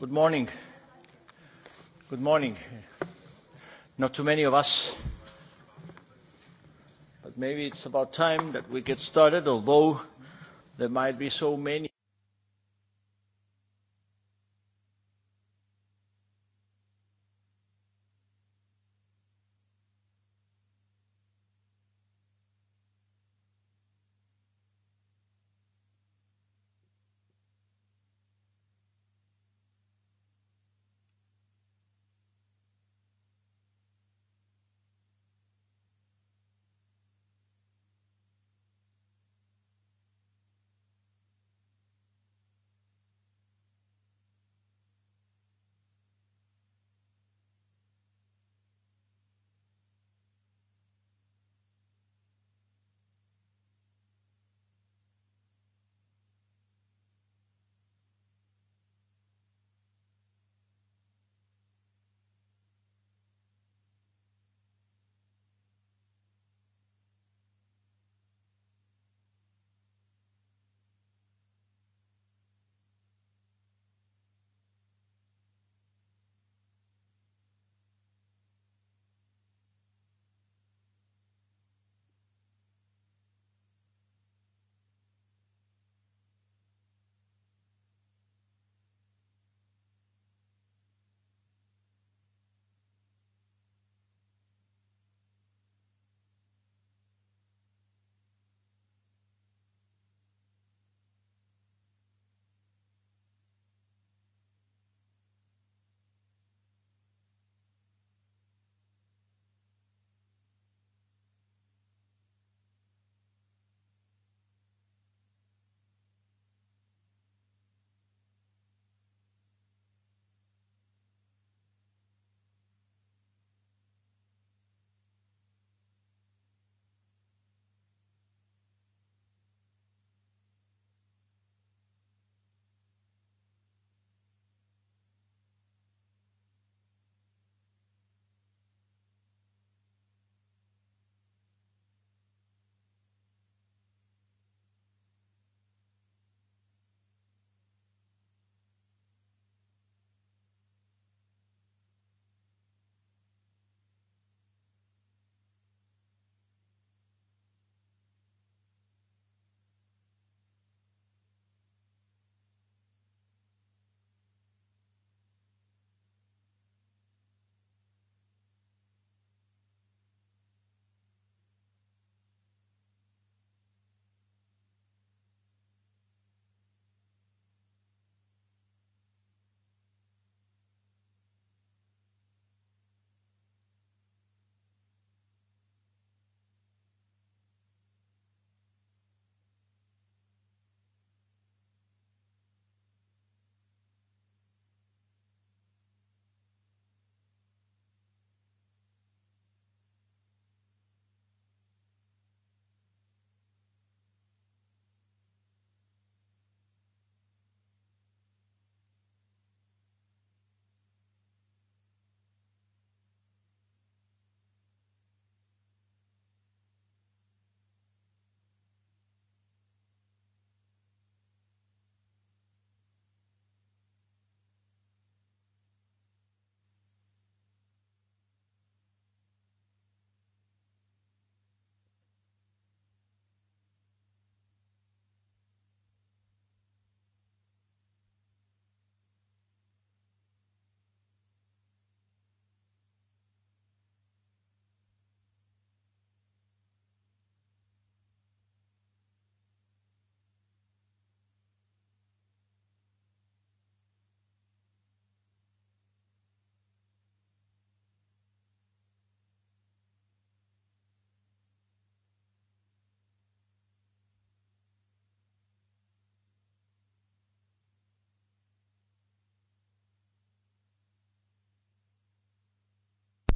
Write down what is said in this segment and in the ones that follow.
Good morning. Good morning. Not too many of us, but maybe it's about time that we get started, although there might be so many.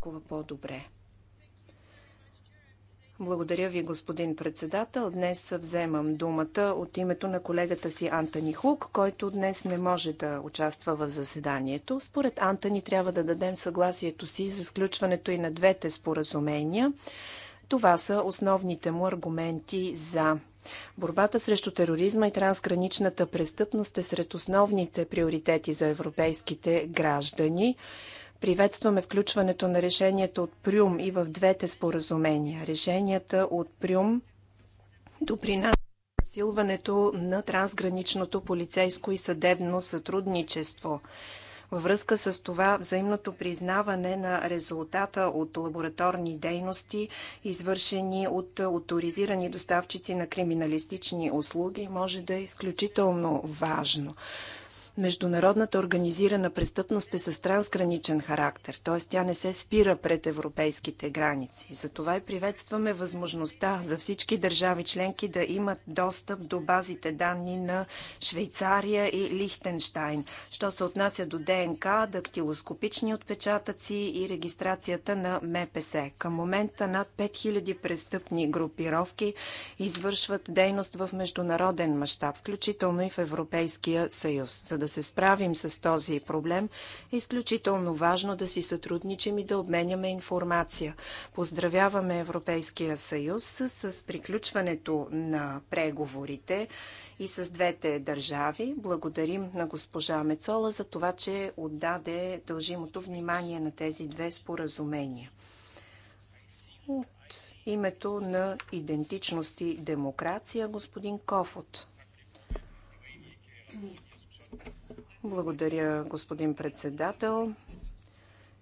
толкова по-добре. Благодаря ви, господин председател. Днес вземам думата от името на колегата си Антони Хук, който днес не може да участва в заседанието. Според Антони трябва да дадем съгласието си за сключването и на двете споразумения. Това са основните му аргументи за Борбата срещу тероризма и трансграничната престъпност е сред основните приоритети за европейските граждани. Приветстваме включването на решението от Прюм и в двете споразумения. Решенията от Прюм допринасят засилването на трансграничното полицейско и съдебно сътрудничество. Във връзка с това взаимното признаване на резултата от лабораторни дейности, извършени от авторизирани доставчици на криминалистични услуги, може да е изключително важно международната организирана престъпност е с трансграничен характер, т.е. тя не се спира пред европейските граници. Затова и приветстваме възможността за всички държави членки да имат достъп до базите данни на Швейцария и Лихтенштайн. Що се отнася до ДНК, дактилоскопични отпечатъци и регистрацията на МПС. Към момента над 5000 престъпни групировки извършват дейност в международен мащаб, включително и в Европейския съюз. За да да се справим с този проблем, е изключително важно да си сътрудничим и да обменяме информация. Поздравяваме Европейския съюз с, с приключването на преговорите и с двете държави. Благодарим на госпожа Мецола за това, че отдаде дължимото внимание на тези две споразумения. От името на идентичност и демокрация, господин Кофот. Благодаря, господин председател.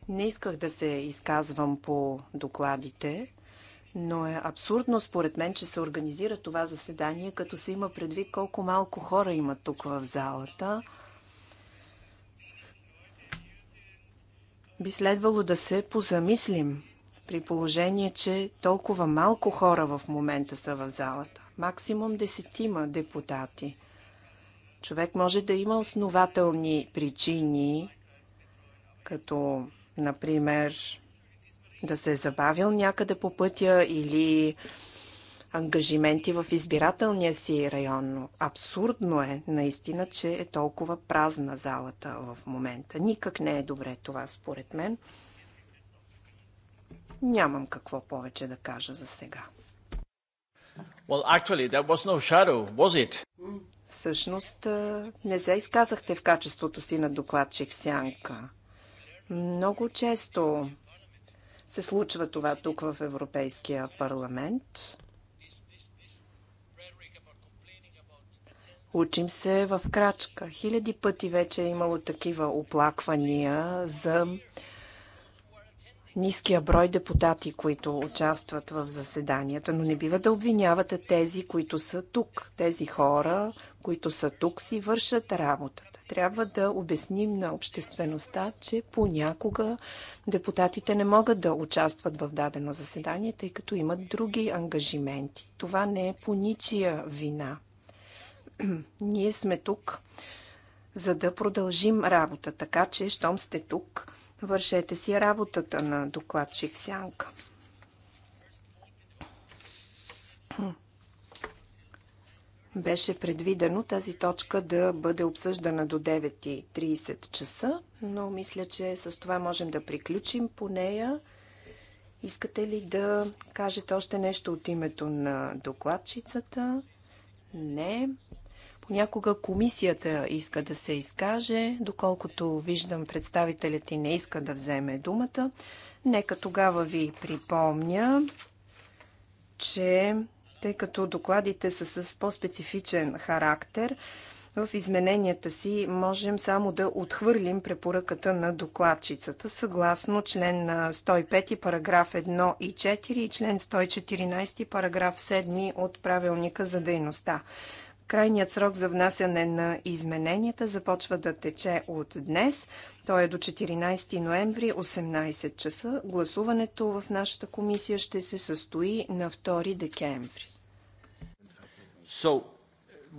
Не исках да се изказвам по докладите, но е абсурдно според мен, че се организира това заседание, като се има предвид колко малко хора има тук в залата. Би следвало да се позамислим при положение, че толкова малко хора в момента са в залата. Максимум десетима депутати. Човек може да има основателни причини, като, например, да се е забавил някъде по пътя или ангажименти в избирателния си район. Абсурдно е наистина, че е толкова празна залата в момента. Никак не е добре това, според мен. Нямам какво повече да кажа за сега. Well, actually, there was no shadow, was it? Всъщност не се изказахте в качеството си на докладчик в сянка. Много често се случва това тук в Европейския парламент. Учим се в крачка. Хиляди пъти вече е имало такива оплаквания за ниския брой депутати, които участват в заседанията, но не бива да обвинявате тези, които са тук. Тези хора които са тук, си вършат работата. Трябва да обясним на обществеността, че понякога депутатите не могат да участват в дадено заседание, тъй като имат други ангажименти. Това не е по ничия вина. Ние сме тук, за да продължим работа, така че, щом сте тук, вършете си работата на докладчик Сянка. Беше предвидено тази точка да бъде обсъждана до 9.30 часа, но мисля, че с това можем да приключим по нея. Искате ли да кажете още нещо от името на докладчицата? Не. Понякога комисията иска да се изкаже, доколкото виждам представителят и не иска да вземе думата. Нека тогава ви припомня, че тъй като докладите са с по-специфичен характер, в измененията си можем само да отхвърлим препоръката на докладчицата, съгласно член 105 параграф 1 и 4 и член 114 параграф 7 от правилника за дейността. Крайният срок за внасяне на измененията започва да тече от днес. Той е до 14 ноември, 18 часа. Гласуването в нашата комисия ще се състои на 2 декември. So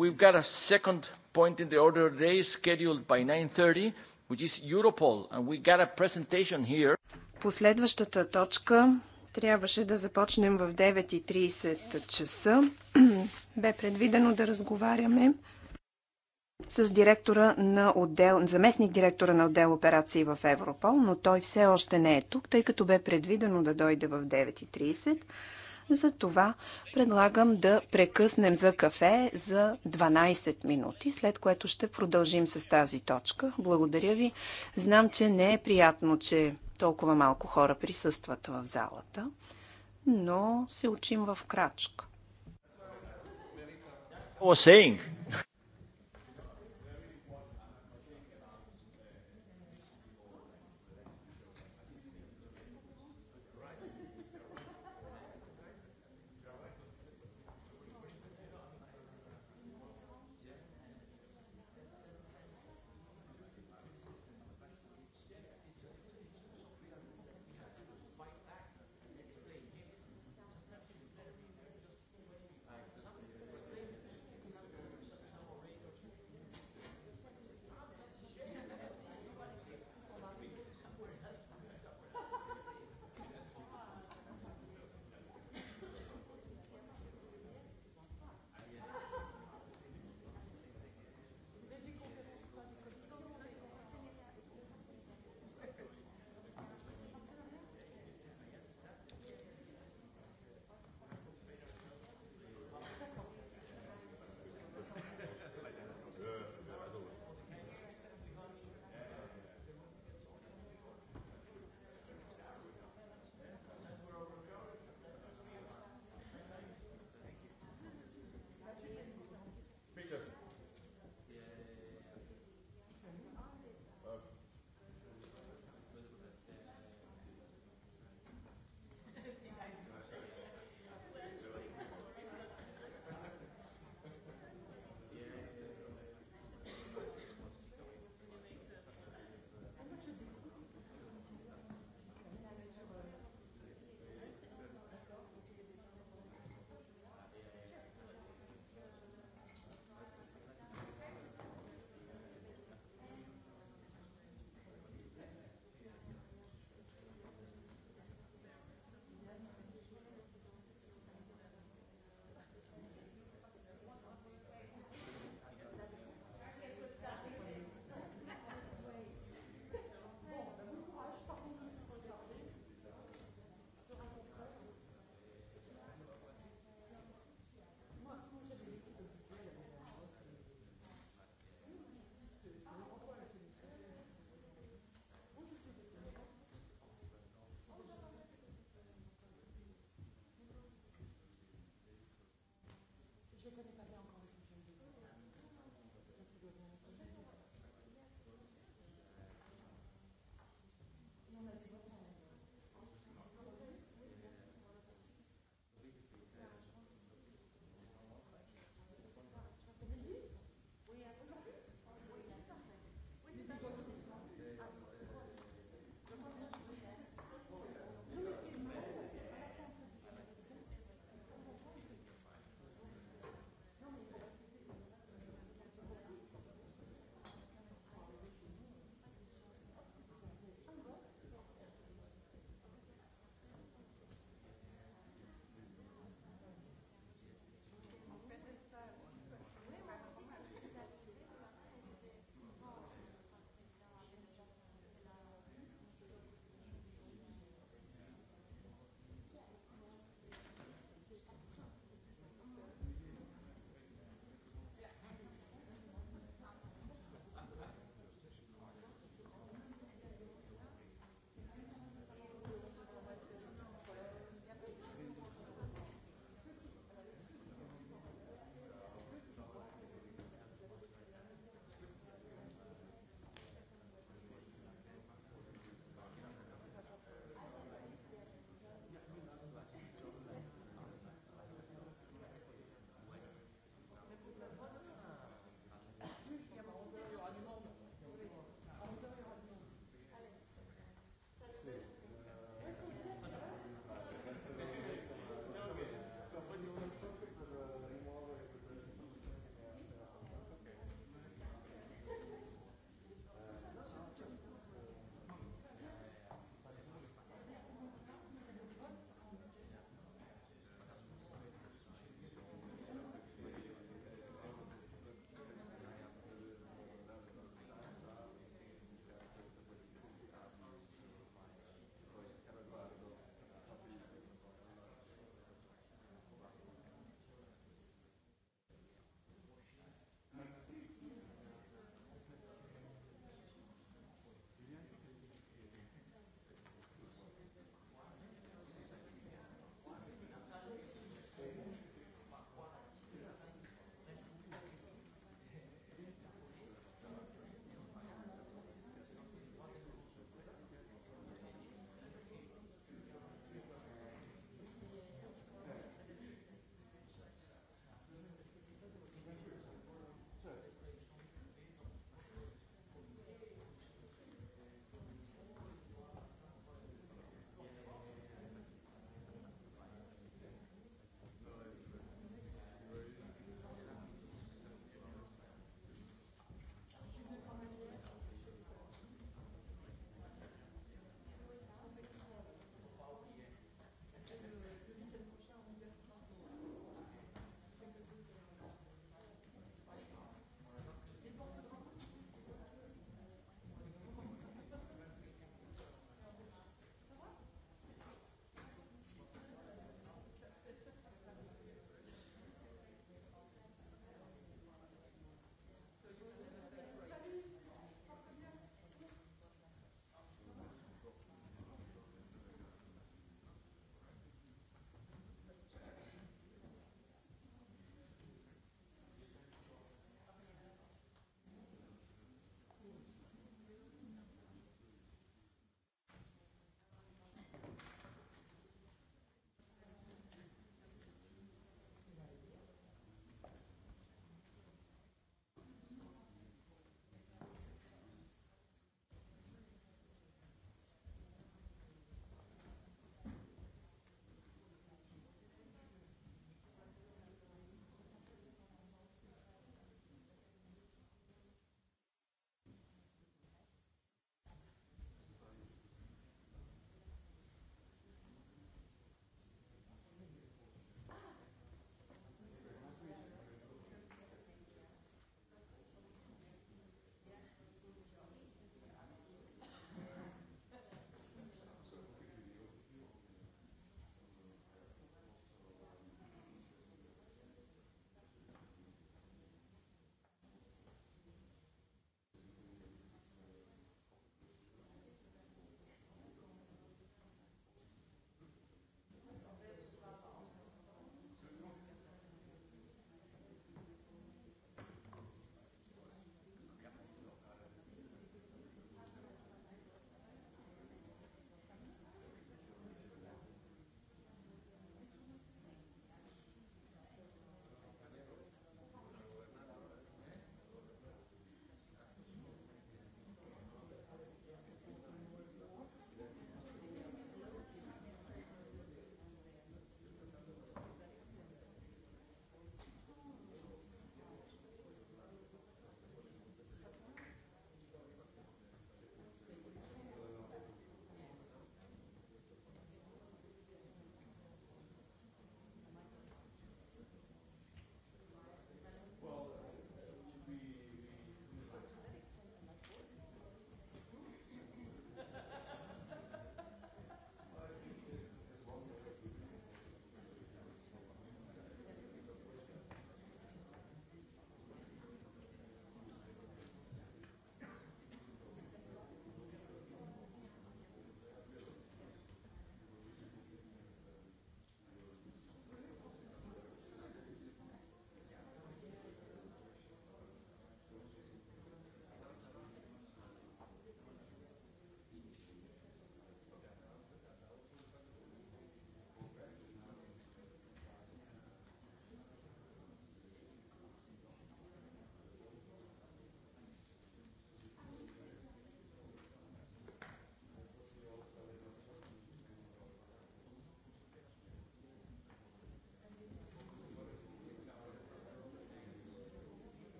we've got a second point in the order of the day scheduled by 9.30, which is Europol, and we got a presentation here. Последващата точка трябваше да започнем в 9.30 часа. Бе предвидено да разговаряме с директора на отдел, заместник директора на отдел операции в Европол, но той все още не е тук, тъй като бе предвидено да дойде в 9.30. Затова предлагам да прекъснем за кафе за 12 минути, след което ще продължим с тази точка. Благодаря ви. Знам, че не е приятно, че толкова малко хора присъстват в залата, но се учим в крачка.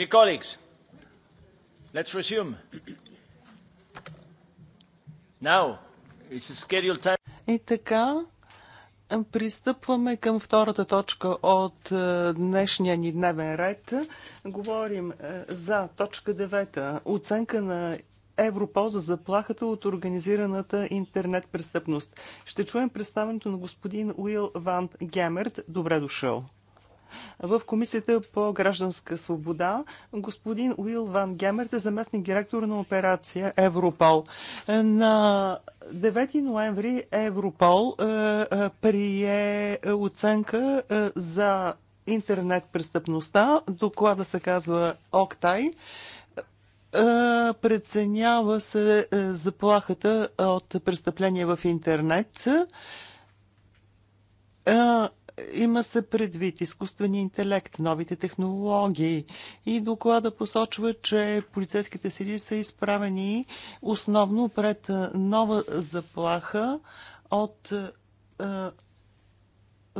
Dear colleagues, let's resume. Now, it's scheduled time. И така, пристъпваме към втората точка от е, днешния ни дневен ред. Говорим е, за точка 9. Оценка на Европол за заплахата от организираната интернет престъпност. Ще чуем представенето на господин Уил Ван Гемерт. Добре дошъл. В Комисията по гражданска свобода господин Уил Ван Гемерт е заместник директор на операция Европол. На 9 ноември Европол е, е, прие оценка е, за интернет престъпността. Доклада се казва ОКТАЙ преценява се заплахата от престъпления в интернет. Има се предвид изкуствения интелект, новите технологии и доклада посочва, че полицейските сили са изправени основно пред нова заплаха от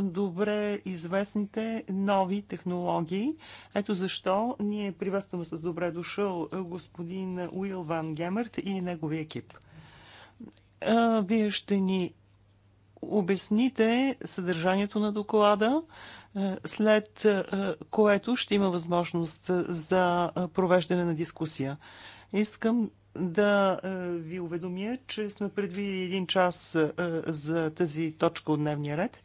добре известните нови технологии. Ето защо ние приветстваме с добре дошъл господин Уил Ван Гемерт и неговия екип. Вие ще ни обясните съдържанието на доклада, е, след е, което ще има възможност за е, провеждане на дискусия. Искам да ви уведомя, че сме предвидили един час за тази точка от дневния ред.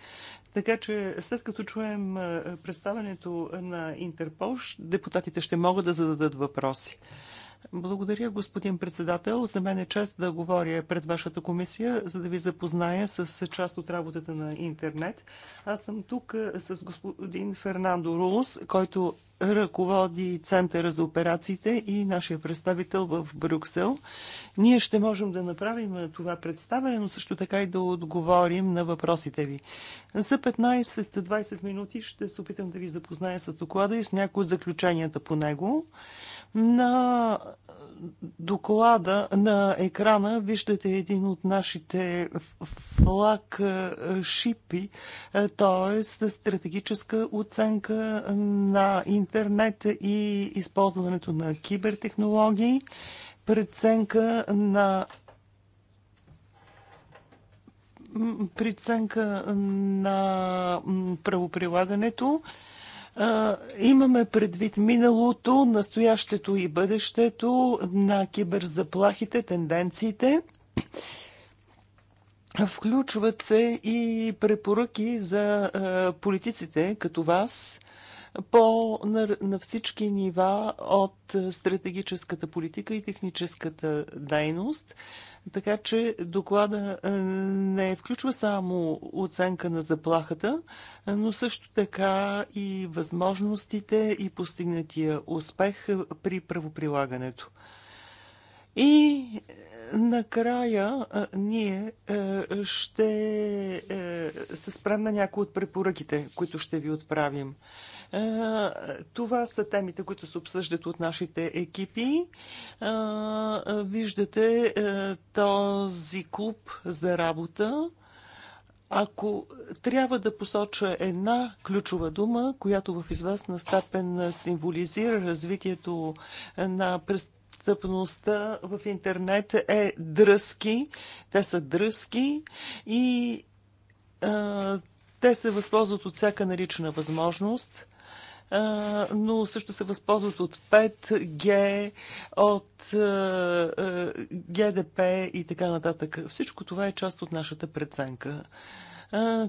Така че след като чуем представенето на Интерпол, депутатите ще могат да зададат въпроси. Благодаря, господин председател. За мен е чест да говоря пред вашата комисия, за да ви запозная с част от работата на интернет. Аз съм тук е, с господин Фернандо Рулс, който ръководи Центъра за операциите и нашия представител в Брюксел. Ние ще можем да направим е, това представяне, но също така и да отговорим на въпросите ви. За 15-20 минути ще се опитам да ви запозная с доклада и с някои от заключенията по него. На доклада на екрана виждате един от нашите флаг е, шипи, т.е. стратегическа оценка на интернет и използването на кибертехнологии, преценка на преценка на правоприлагането, Имаме предвид миналото, настоящето и бъдещето на киберзаплахите, тенденциите. Включват се и препоръки за политиците като вас по, на, на всички нива от стратегическата политика и техническата дейност. Така че доклада е, не включва само оценка на заплахата, е, но също така и възможностите и постигнатия успех при правоприлагането. И е, накрая ние ще се спрем на някои от препоръките, които ще ви отправим. Е, това са темите, които се обсъждат от нашите екипи. Е, виждате е, този клуб за работа. Ако трябва да посоча една ключова дума, която в известна степен символизира развитието на престъпността в интернет, е дръзки. Те са дръзки и а, те се възползват от всяка налична възможност но също се възползват от 5G, от ГДП и така нататък. Всичко това е част от нашата преценка.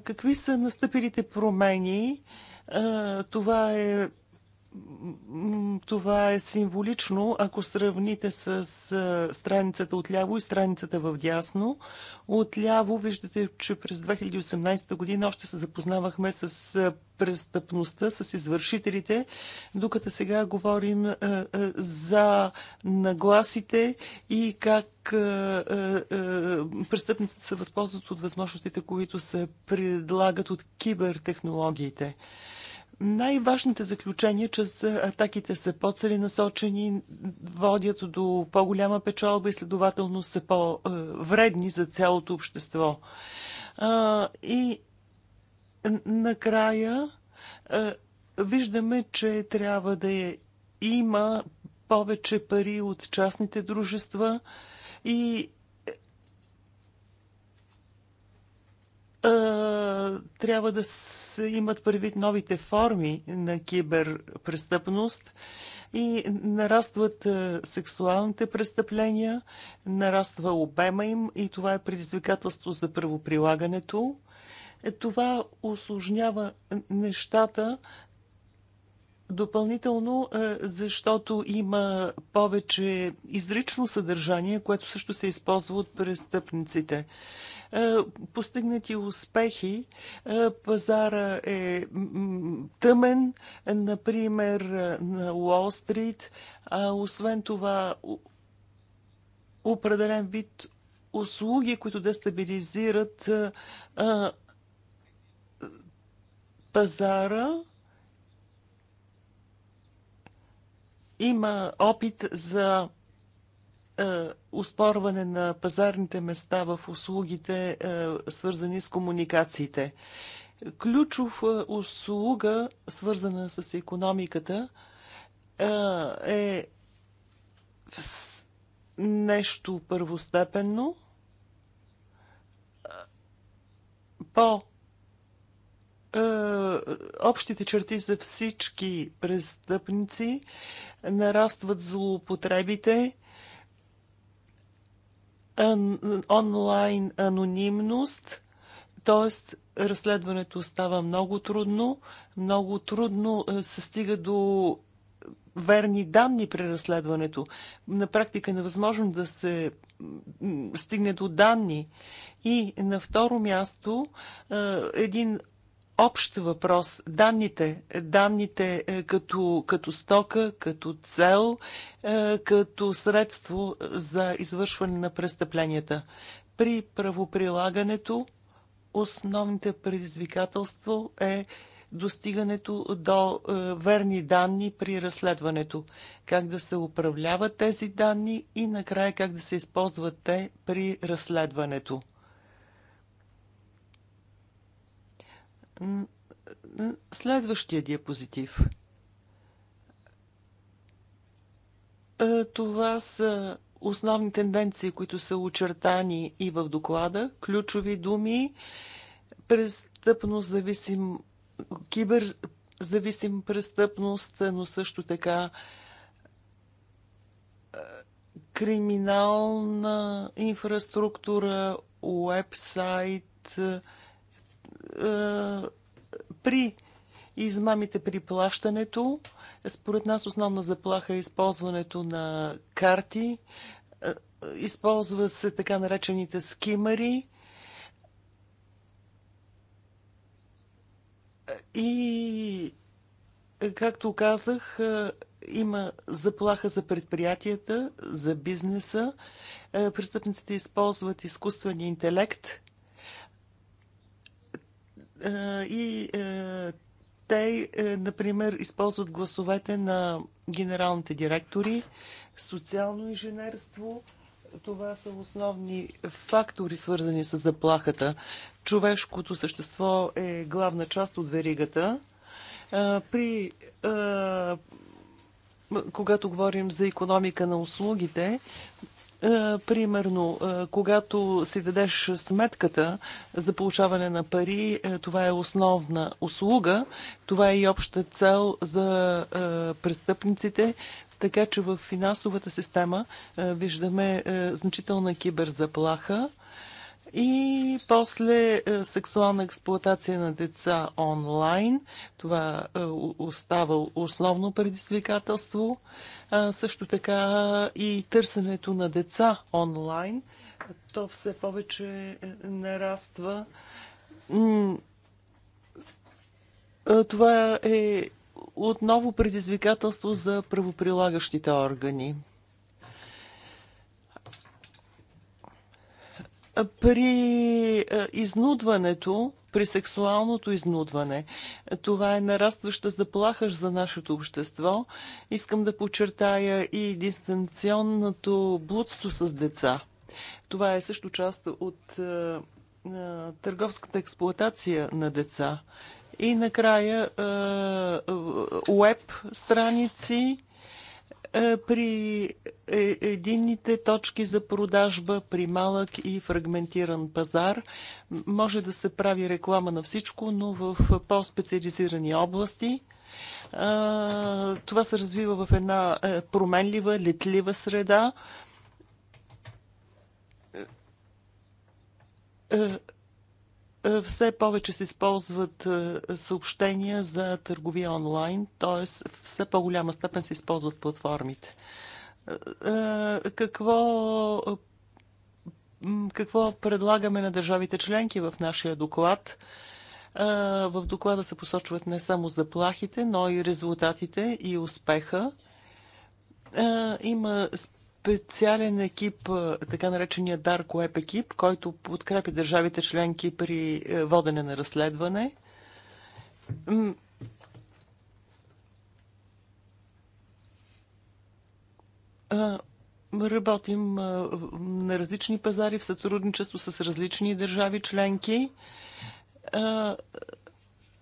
Какви са настъпилите промени? Това е това е символично, ако сравните с страницата от ляво и страницата в дясно. От ляво виждате, че през 2018 година още се запознавахме с престъпността, с извършителите, докато сега говорим за нагласите и как престъпниците се възползват от възможностите, които се предлагат от кибертехнологиите. Най-важните заключения, че атаките са по-целенасочени, водят до по-голяма печалба и следователно са по-вредни за цялото общество. И накрая виждаме, че трябва да има повече пари от частните дружества и трябва да се имат предвид новите форми на киберпрестъпност и нарастват сексуалните престъпления, нараства обема им и това е предизвикателство за правоприлагането. Е, това осложнява нещата, Допълнително, е, защото има повече изрично съдържание, което също се използва от престъпниците е, постигнати успехи. Е, пазара е тъмен, например на Уолл Стрит, а освен това определен вид услуги, които дестабилизират пазара Има опит за е, успорване на пазарните места в услугите, е, свързани с комуникациите. Ключов е, услуга, свързана с економиката, е нещо първостепенно по общите черти за всички престъпници нарастват злоупотребите, онлайн анонимност, т.е. разследването става много трудно, много трудно е, се стига до верни данни при разследването. На практика е невъзможно да се стигне до данни. И на второ място, е, един общ въпрос. Данните, данните е, като, като стока, като цел, е, като средство за извършване на престъпленията. При правоприлагането основните предизвикателство е достигането до е, верни данни при разследването, как да се управляват тези данни и накрая как да се използват те при разследването. Следващия диапозитив. Е, това са основни тенденции, които са очертани и в доклада. Ключови думи. престъпност зависим, зависим престъпност, но също така е, криминална инфраструктура, уебсайт, сайт е, при измамите при плащането. Според нас основна заплаха е използването на карти. Е, използва се така наречените скимари. И, както казах, е, има заплаха за предприятията, за бизнеса. Престъпниците използват изкуствения интелект – е, и те, е, например, използват гласовете на генералните директори, социално инженерство. Това са основни фактори, свързани с заплахата. Човешкото същество е главна част от веригата. Е, при, когато говорим за економика на услугите, е, примерно, е, когато си дадеш сметката за получаване на пари, е, това е основна услуга, това е и обща цел за престъпниците, така че в финансовата система виждаме значителна киберзаплаха. И после е, сексуална експлуатация на деца онлайн. Това е, остава основно предизвикателство. Също така и търсенето на деца онлайн. То все повече е, нараства. Това е отново предизвикателство за правоприлагащите органи. при е, изнудването, при сексуалното изнудване. Това е нарастваща заплаха за нашето общество. Искам да подчертая и дистанционното блудство с деца. Това е също част от е, е търговската експлоатация на деца. И накрая е, е уеб страници, е, при е, единните точки за продажба, при малък и фрагментиран пазар. Може да се прави реклама на всичко, но в по-специализирани области. Е, това се развива в една променлива, летлива среда е, все повече се използват е, съобщения за търговия онлайн, т.е. все по-голяма степен се използват платформите. Е, какво, какво предлагаме на държавите членки в нашия доклад? В доклада се посочват не само заплахите, но и резултатите и успеха. Има специален екип, така наречения Dark Web екип, който подкрепи държавите членки при е, водене на разследване. Работим на различни пазари в сътрудничество с различни държави членки.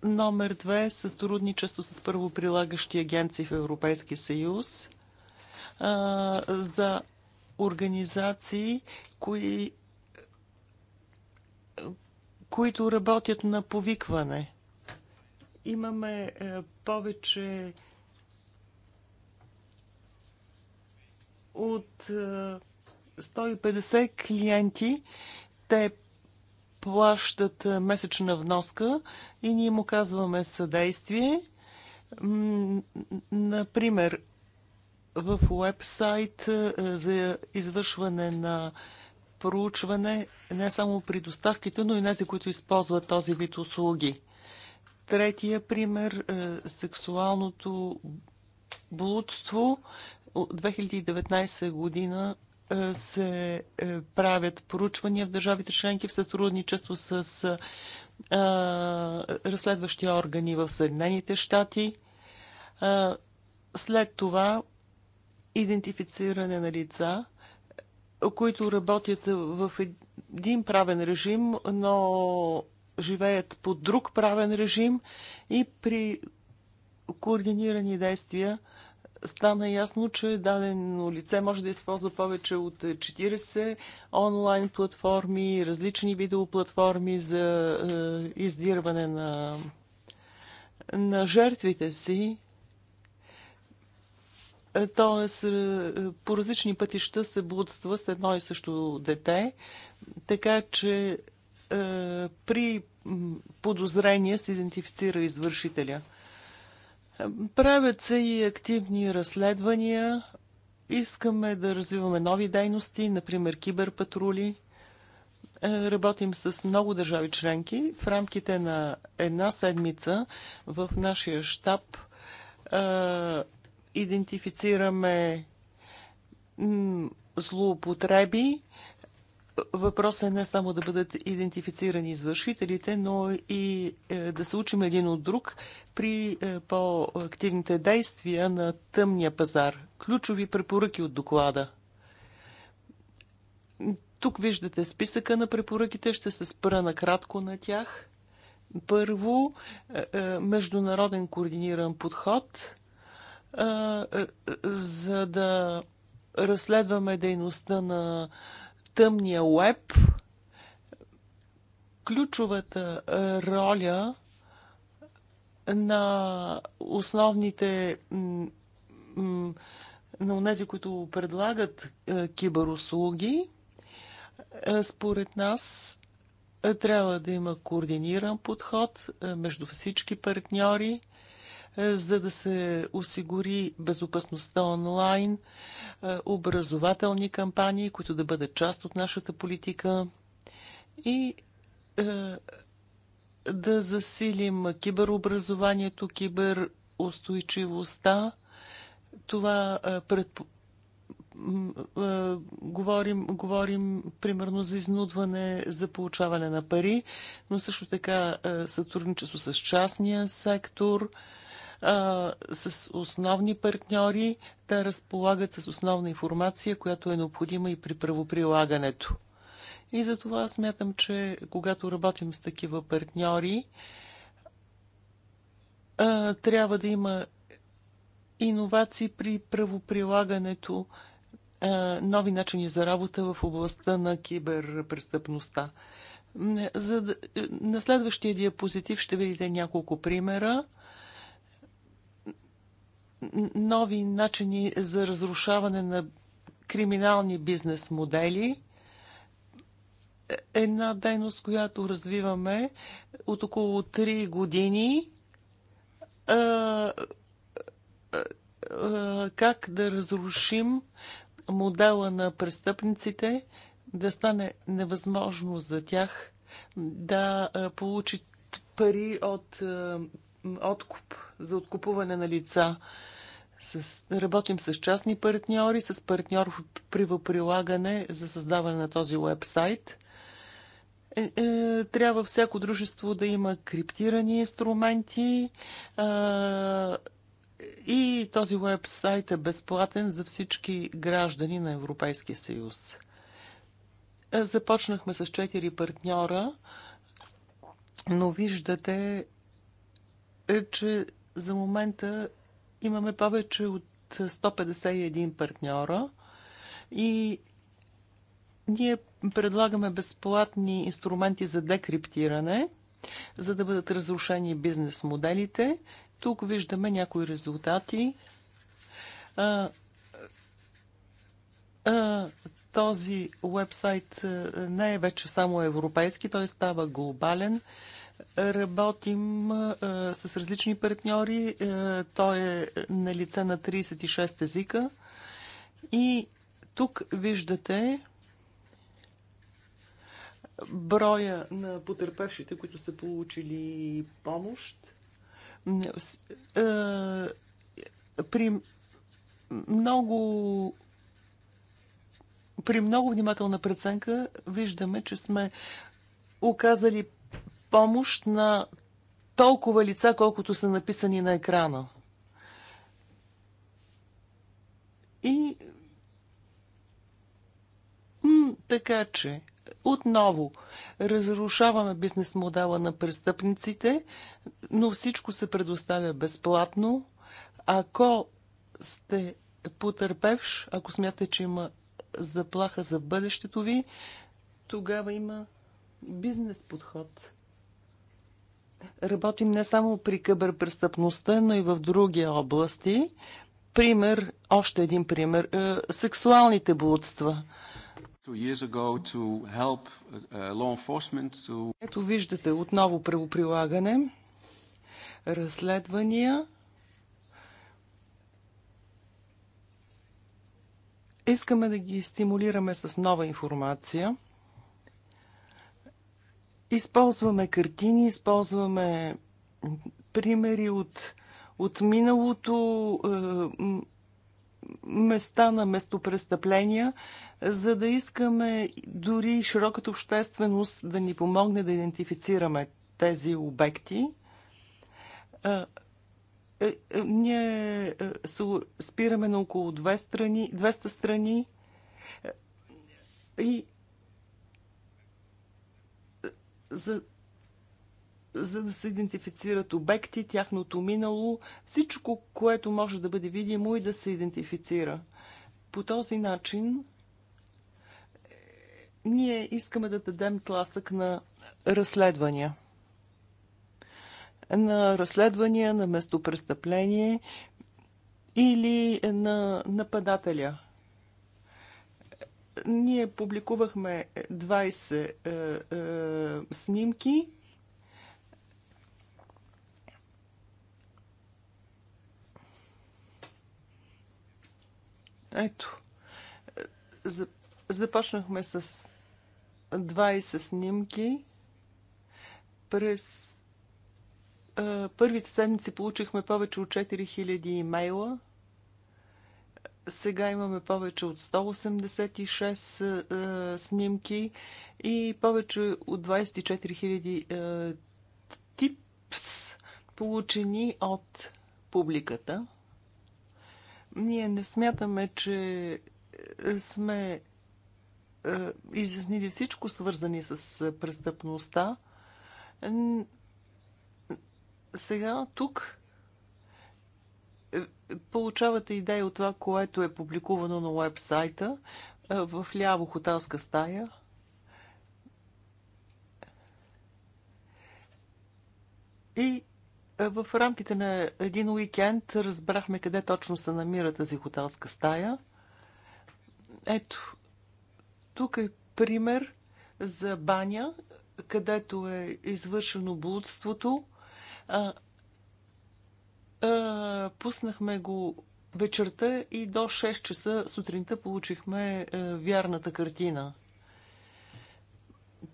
Номер две е сътрудничество с първоприлагащи агенции в Европейския съюз а, за организации, кои, които работят на повикване. Имаме е, повече от 150 е, клиенти. Те плащат е, месечна вноска и ние му казваме съдействие. Например, в уебсайт е, за извършване на проучване не само при доставките, но и тези, които използват този вид услуги. Третия пример е, – сексуалното блудство. От 2019 година е, се правят проучвания в държавите членки в сътрудничество с разследващи органи в Съединените щати. След това идентифициране на лица, които работят в един правен режим, но живеят по друг правен режим и при координирани действия стана ясно, че дадено лице може да използва повече от 40 онлайн платформи, различни видеоплатформи за е, издирване на, на жертвите си. Тоест, е, по различни пътища се блудства с едно и също дете, така че е, при подозрение се идентифицира извършителя. Правят се и активни разследвания. Искаме да развиваме нови дейности, например киберпатрули. Е, работим с много държави членки. В рамките на една седмица в нашия штаб идентифицираме злоупотреби. Въпросът е не само да бъдат идентифицирани извършителите, но и е, да се учим един от друг при е, по-активните действия на тъмния пазар. Ключови препоръки от доклада. Тук виждате списъка на препоръките, ще се спра накратко на тях. Първо, е, международен координиран подход за да разследваме дейността на тъмния уеб. Ключовата роля на основните на тези, които предлагат киберуслуги, според нас трябва да има координиран подход между всички партньори, за да се осигури безопасността онлайн, е, образователни кампании, които да бъдат част от нашата политика и е, да засилим киберобразованието, киберустойчивостта. Това е, предпочитава говорим, говорим примерно за изнудване, за получаване на пари, но също така сътрудничество с частния сектор – а, с основни партньори. да разполагат с основна информация, която е необходима и при правоприлагането. И за това смятам, че когато работим с такива партньори, а, трябва да има иновации при правоприлагането, а, нови начини за работа в областта на киберпрестъпността. За, на следващия диапозитив ще видите няколко примера нови начини за разрушаване на криминални бизнес модели. Една дейност, която развиваме от около 3 години. Как да разрушим модела на престъпниците, да стане невъзможно за тях да получат пари от откуп, за откупуване на лица. С, работим с частни партньори, с партньор в привоприлагане за създаване на този уебсайт. Е, е, трябва всяко дружество да има криптирани инструменти е, и този уебсайт е безплатен за всички граждани на Европейския съюз. Започнахме с четири партньора, но виждате е, че за момента имаме повече от 151 партньора и ние предлагаме безплатни инструменти за декриптиране, за да бъдат разрушени бизнес моделите. Тук виждаме някои резултати. А, а, този вебсайт не е вече само европейски, той става глобален. Работим а, с различни партньори. А, той е на лице на 36 езика. И тук виждате броя на потерпевшите, които са получили помощ. При много при много внимателна преценка виждаме, че сме оказали помощ на толкова лица, колкото са написани на екрана. И М така че, отново, разрушаваме бизнес модела на престъпниците, но всичко се предоставя безплатно. Ако сте потърпевш, ако смятате, че има заплаха за бъдещето ви, тогава има бизнес подход работим не само при киберпрестъпността, но и в други области. Пример, още един пример, е, сексуалните блудства. Uh, uh, Ето виждате отново правоприлагане, разследвания. Искаме да ги стимулираме с нова информация – Използваме картини, използваме примери от, от миналото, е, места на местопрестъпления, за да искаме дори широката общественост да ни помогне да идентифицираме тези обекти. Е, е, е ние е, се спираме на около 200 страни, 200 страни е, и за, за да се идентифицират обекти, тяхното минало, всичко, което може да бъде видимо и да се идентифицира. По този начин е, ние искаме да дадем тласък на разследвания. На разследвания на местопрестъпление или на нападателя – ние публикувахме 20 е, е, снимки. Ето. Започнахме с 20 снимки. През е, първите седмици получихме повече от 4000 имейла. Сега имаме повече от 186 е, е, снимки и повече от 24 000 е, типс, получени от публиката. Ние не смятаме, че е, сме е, изяснили всичко свързани с е, престъпността. Сега тук получавате идея от това, което е публикувано на уебсайта в ляво хотелска стая. И в рамките на един уикенд разбрахме къде точно се намира тази хотелска стая. Ето, тук е пример за баня, където е извършено блудството. Пуснахме го вечерта и до 6 часа сутринта получихме вярната картина.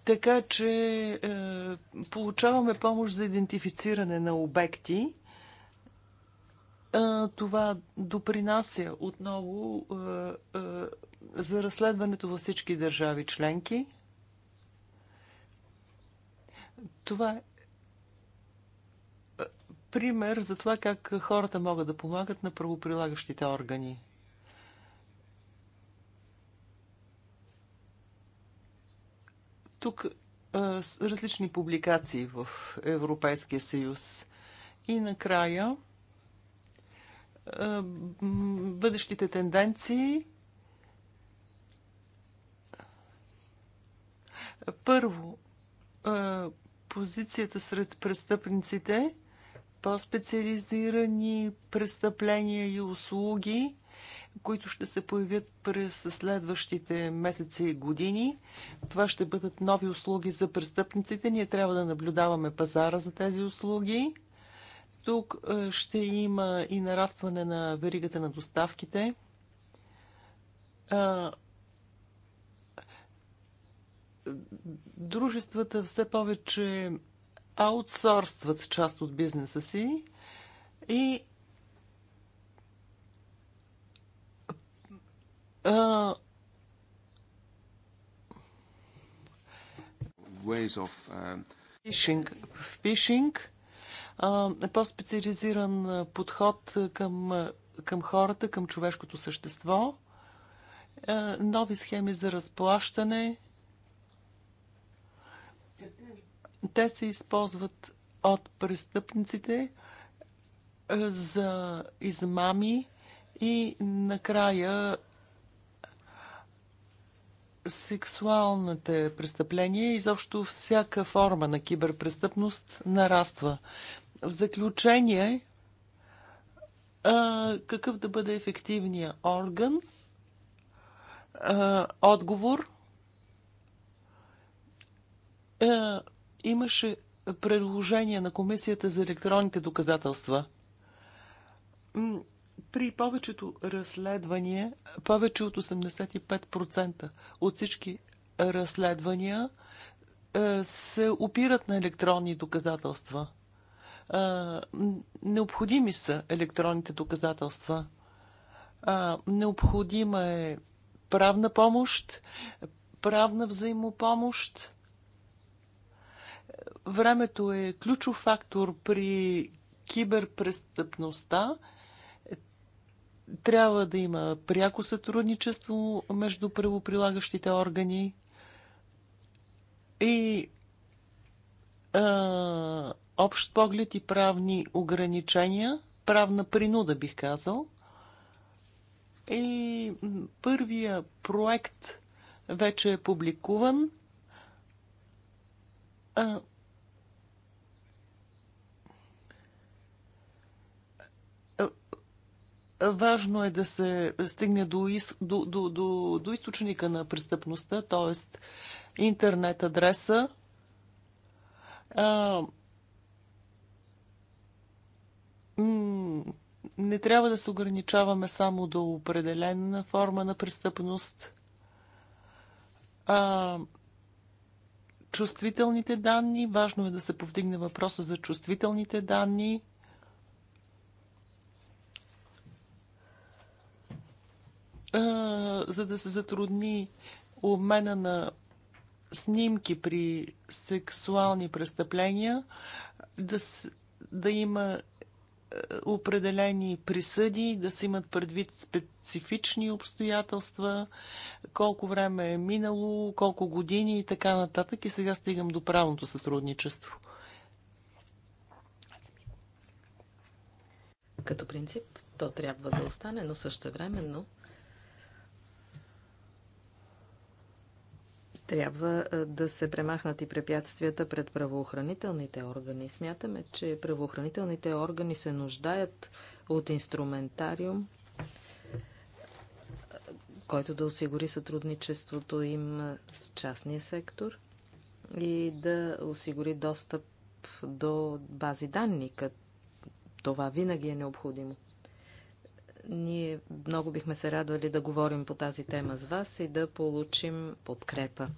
Така че а, получаваме помощ за идентифициране на обекти. А, това допринася отново а, а, за разследването във всички държави членки. Това е пример за това как хората могат да помагат на правоприлагащите органи. Тук а, различни публикации в Европейския съюз. И накрая а, бъдещите тенденции. Първо, а, позицията сред престъпниците по-специализирани престъпления и услуги, които ще се появят през следващите месеци и години. Това ще бъдат нови услуги за престъпниците. Ние трябва да наблюдаваме пазара за тези услуги. Тук е, ще има и нарастване на веригата на доставките. Е, дружествата все повече аутсорстват част от бизнеса си и а, ways of uh... фишинг, фишинг по-специализиран подход към, към хората, към човешкото същество, нови схеми за разплащане, Те се използват от престъпниците е, за измами и накрая сексуалните престъпления и изобщо всяка форма на киберпрестъпност нараства. В заключение, а, е, какъв да бъде ефективният орган? А, е, отговор. А, Имаше предложение на Комисията за електронните доказателства. При повечето разследвания, повече от 85% от всички разследвания е, се опират на електронни доказателства. Е, необходими са електронните доказателства. Е, необходима е правна помощ, правна взаимопомощ, Времето е ключов фактор при киберпрестъпността. Трябва да има пряко сътрудничество между правоприлагащите органи и а, общ поглед и правни ограничения, правна принуда, бих казал. И първия проект вече е публикуван. А, Важно е да се стигне до, из, до, до, до, до източника на престъпността, т.е. интернет адреса. А, не трябва да се ограничаваме само до определена форма на престъпност. А, чувствителните данни, важно е да се повдигне въпроса за чувствителните данни. за да се затрудни обмена на снимки при сексуални престъпления, да, да има определени присъди, да се имат предвид специфични обстоятелства, колко време е минало, колко години и така нататък. И сега стигам до правното сътрудничество. Като принцип, то трябва да остане, но но... Трябва да се премахнат и препятствията пред правоохранителните органи. Смятаме, че правоохранителните органи се нуждаят от инструментариум, който да осигури сътрудничеството им с частния сектор и да осигури достъп до бази данни, като това винаги е необходимо. Ние много бихме се радвали да говорим по тази тема с вас и да получим подкрепа.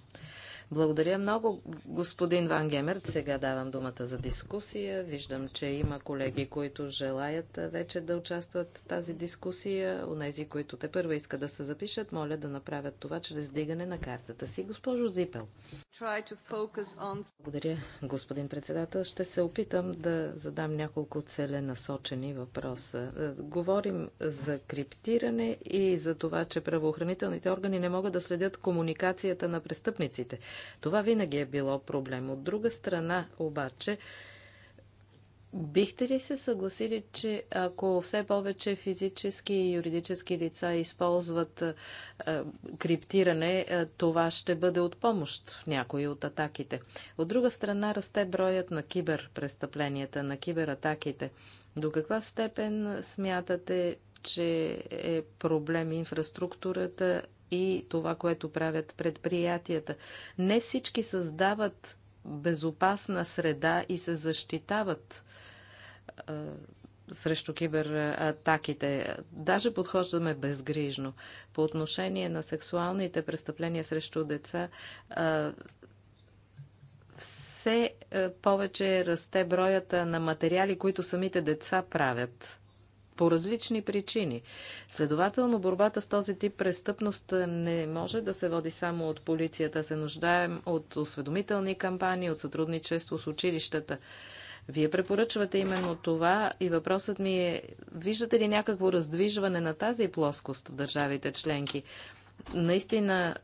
Благодаря много, господин Ван Гемерт. Сега давам думата за дискусия. Виждам, че има колеги, които желаят вече да участват в тази дискусия. Онези, които те първа искат да се запишат, моля да направят това чрез дигане на картата си. Госпожо Зипел. On... Благодаря, господин председател. Ще се опитам да задам няколко целенасочени въпроса. Е, говорим за криптиране и за това, че правоохранителните органи не могат да следят комуникацията на престъпниците. Това винаги е било проблем. От друга страна, обаче, Бихте ли се съгласили, че ако все повече физически и юридически лица използват е, криптиране, е, това ще бъде от помощ в някои от атаките? От друга страна расте броят на киберпрестъпленията, на кибератаките. До каква степен смятате, че е проблем инфраструктурата и това, което правят предприятията. Не всички създават безопасна среда и се защитават а, срещу кибератаките. Даже подхождаме безгрижно. По отношение на сексуалните престъпления срещу деца, а, все повече расте броята на материали, които самите деца правят по различни причини. Следователно, борбата с този тип престъпност не може да се води само от полицията. Се нуждаем от осведомителни кампании, от сътрудничество с училищата. Вие препоръчвате именно това и въпросът ми е, виждате ли някакво раздвижване на тази плоскост в държавите членки? Наистина,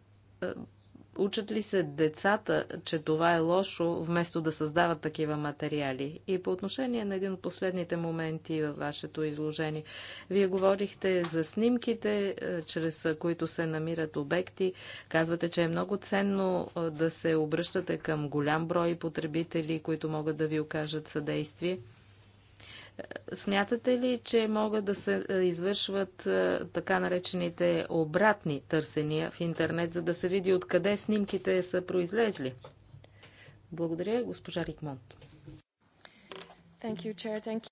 Учат ли се децата, че това е лошо, вместо да създават такива материали? И по отношение на един от последните моменти във вашето изложение, вие говорихте за снимките, е, чрез които се намират обекти. Казвате, че е много ценно е, да се обръщате към голям брой потребители, които могат да ви окажат съдействие. Смятате ли, че могат да се е, извършват е, така наречените обратни търсения в интернет, за да се види откъде снимките са произлезли? Благодаря, госпожа Рикмонт. You,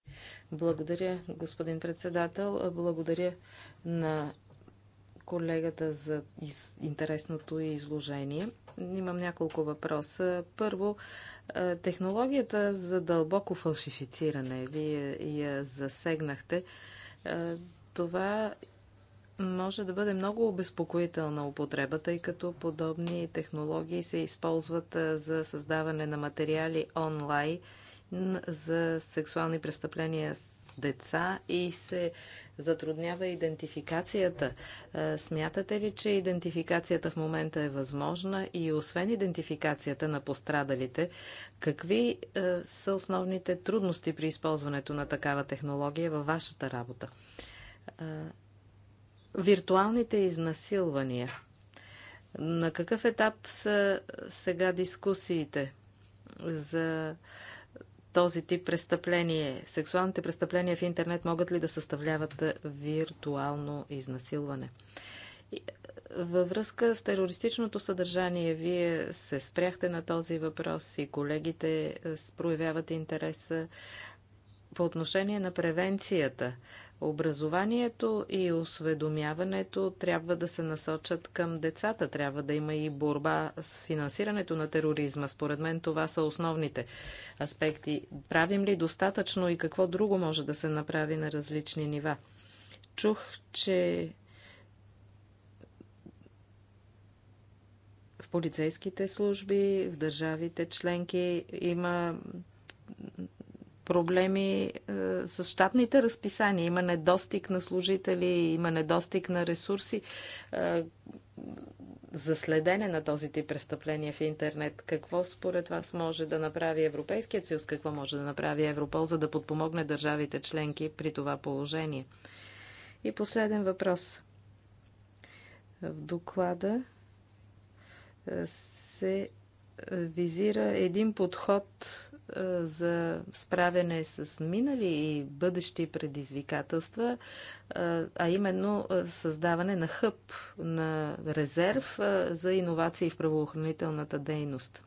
Благодаря, господин председател. Благодаря на колегата за интересното изложение. Имам няколко въпроса. Първо, технологията за дълбоко фалшифициране. Вие я засегнахте. Това може да бъде много обезпокоителна употреба, тъй като подобни технологии се използват за създаване на материали онлайн за сексуални престъпления с деца и се затруднява идентификацията. Е, смятате ли, че идентификацията в момента е възможна и освен идентификацията на пострадалите, какви е, са основните трудности при използването на такава технология във вашата работа? Е, виртуалните изнасилвания. На какъв етап са сега дискусиите за този тип престъпление? Сексуалните престъпления в интернет могат ли да съставляват виртуално изнасилване? Във връзка с терористичното съдържание, вие се спряхте на този въпрос и колегите проявяват интерес по отношение на превенцията Образованието и осведомяването трябва да се насочат към децата. Трябва да има и борба с финансирането на тероризма. Според мен това са основните аспекти. Правим ли достатъчно и какво друго може да се направи на различни нива? Чух, че в полицейските служби, в държавите членки има проблеми е, с щатните разписания. Има недостиг на служители, има недостиг на ресурси е, за следене на този тип престъпления в интернет. Какво според вас може да направи Европейският съюз, какво може да направи Европол, за да подпомогне държавите членки при това положение? И последен въпрос. В доклада е, се визира един подход е, за справяне с минали и бъдещи предизвикателства, е, а именно е, създаване на хъб, на резерв за иновации в правоохранителната дейност,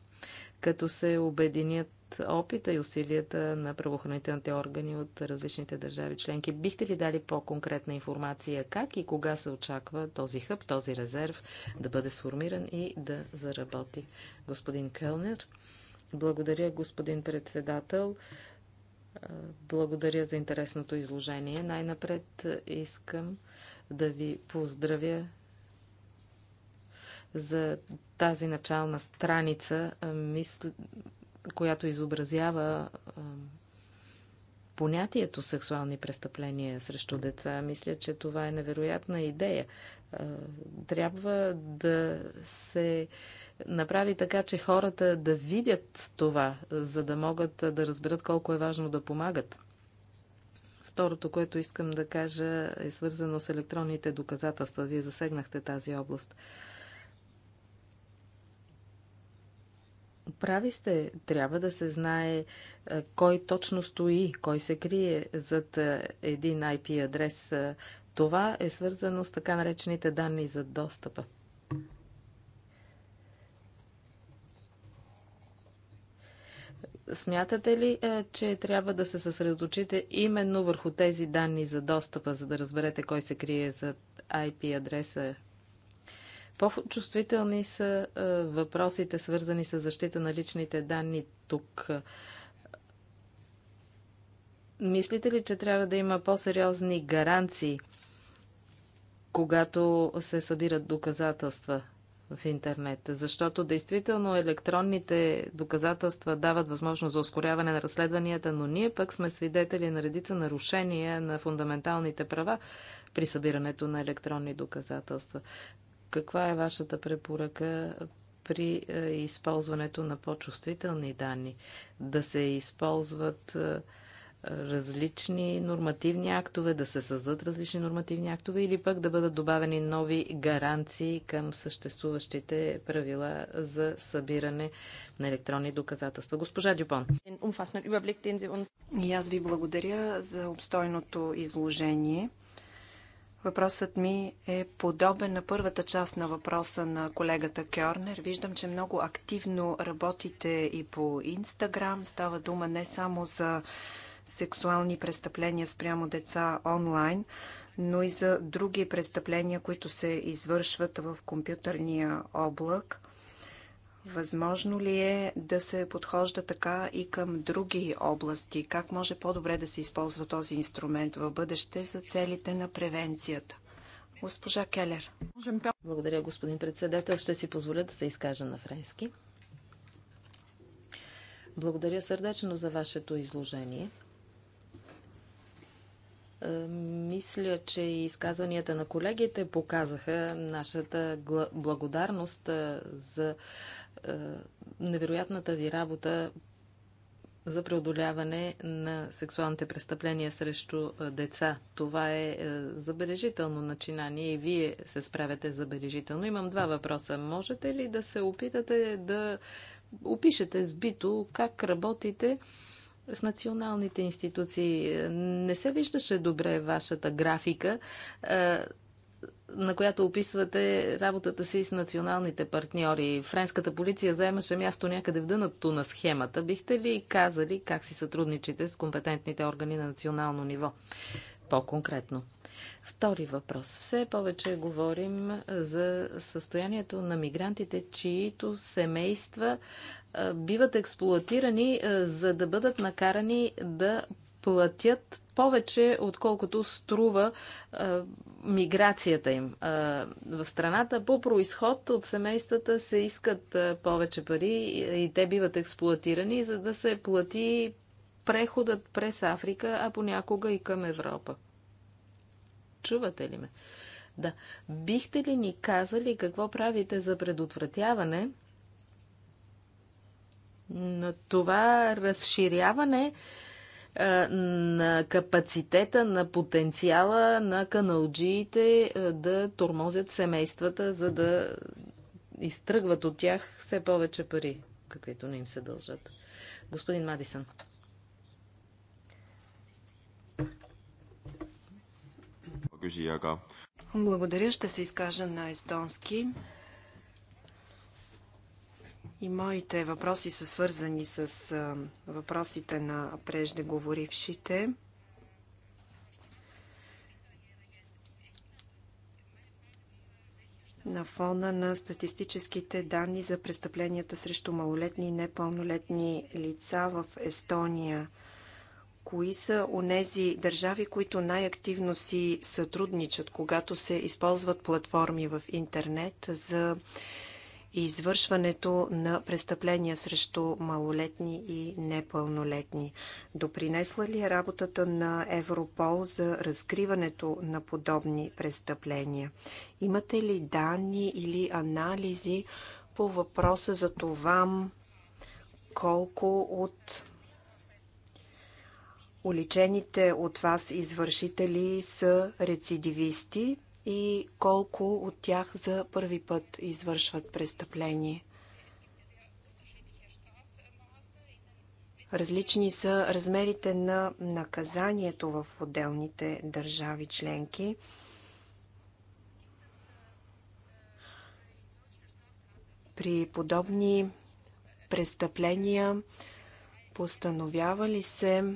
като се обединят опита и усилията на правоохранителните органи от различните държави членки. Бихте ли дали по-конкретна информация как и кога се очаква този хъб, този резерв да бъде сформиран и да заработи? Господин Кълнер. Благодаря, господин председател. Благодаря за интересното изложение. Най-напред искам да ви поздравя за тази начална страница, която изобразява понятието сексуални престъпления срещу деца. Мисля, че това е невероятна идея. Трябва да се направи така, че хората да видят това, за да могат да разберат колко е важно да помагат. Второто, което искам да кажа, е свързано с електронните доказателства. Вие засегнахте тази област. Прави сте, трябва да се знае е, кой точно стои, кой се крие зад е, един IP адрес. Е, това е свързано с така наречените данни за достъпа. Смятате ли, е, че трябва да се съсредоточите именно върху тези данни за достъпа, за да разберете кой се крие за IP адреса? По-чувствителни са е, въпросите, свързани с защита на личните данни тук. Мислите ли, че трябва да има по-сериозни гаранции, когато се събират доказателства в интернет, защото действително електронните доказателства дават възможност за ускоряване на разследванията, но ние пък сме свидетели на редица нарушения на фундаменталните права при събирането на електронни доказателства. Каква е вашата препоръка при е, използването на по-чувствителни данни? Да се използват е, различни нормативни актове, да се създадат различни нормативни актове или пък да бъдат добавени нови гаранции към съществуващите правила за събиране на електронни доказателства. Госпожа Дюпон. И аз ви благодаря за обстойното изложение. Въпросът ми е подобен на първата част на въпроса на колегата Кьорнер. Виждам, че много активно работите и по Инстаграм. Става дума не само за сексуални престъпления спрямо деца онлайн, но и за други престъпления, които се извършват в компютърния облак. Възможно ли е да се подхожда така и към други области? Как може по-добре да се използва този инструмент в бъдеще за целите на превенцията? Госпожа Келер. Благодаря, господин председател. Ще си позволя да се изкажа на френски. Благодаря сърдечно за вашето изложение. Е, мисля, че и изказванията на колегите показаха нашата благодарност е, за е, невероятната ви работа за преодоляване на сексуалните престъпления срещу деца. Това е забележително начинание и вие се справяте забележително. Имам два въпроса. Можете ли да се опитате да опишете сбито как работите? с националните институции. Не се виждаше добре вашата графика, е, на която описвате работата си с националните партньори. Френската полиция заемаше място някъде в дъното на схемата. Бихте ли казали как си сътрудничите с компетентните органи на национално ниво? По-конкретно. Втори въпрос. Все повече говорим за състоянието на мигрантите, чието семейства биват експлуатирани, за да бъдат накарани да платят повече, отколкото струва а, миграцията им. А, в страната по происход от семействата се искат а, повече пари и, и те биват експлуатирани, за да се плати преходът през Африка, а понякога и към Европа. Чувате ли ме? Да. Бихте ли ни казали какво правите за предотвратяване на това разширяване на капацитета, на потенциала на каналджиите да тормозят семействата, за да изтръгват от тях все повече пари, каквито не им се дължат. Господин Мадисън. Благодаря, ще се изкажа на естонски. И моите въпроси са свързани с въпросите на преждеговорившите. на фона на статистическите данни за престъпленията срещу малолетни и непълнолетни лица в Естония. Кои са онези държави, които най-активно си сътрудничат, когато се използват платформи в интернет за и извършването на престъпления срещу малолетни и непълнолетни. Допринесла ли е работата на Европол за разкриването на подобни престъпления? Имате ли данни или анализи по въпроса за това колко от уличените от вас извършители са рецидивисти? и колко от тях за първи път извършват престъпление. Различни са размерите на наказанието в отделните държави членки. При подобни престъпления постановява ли се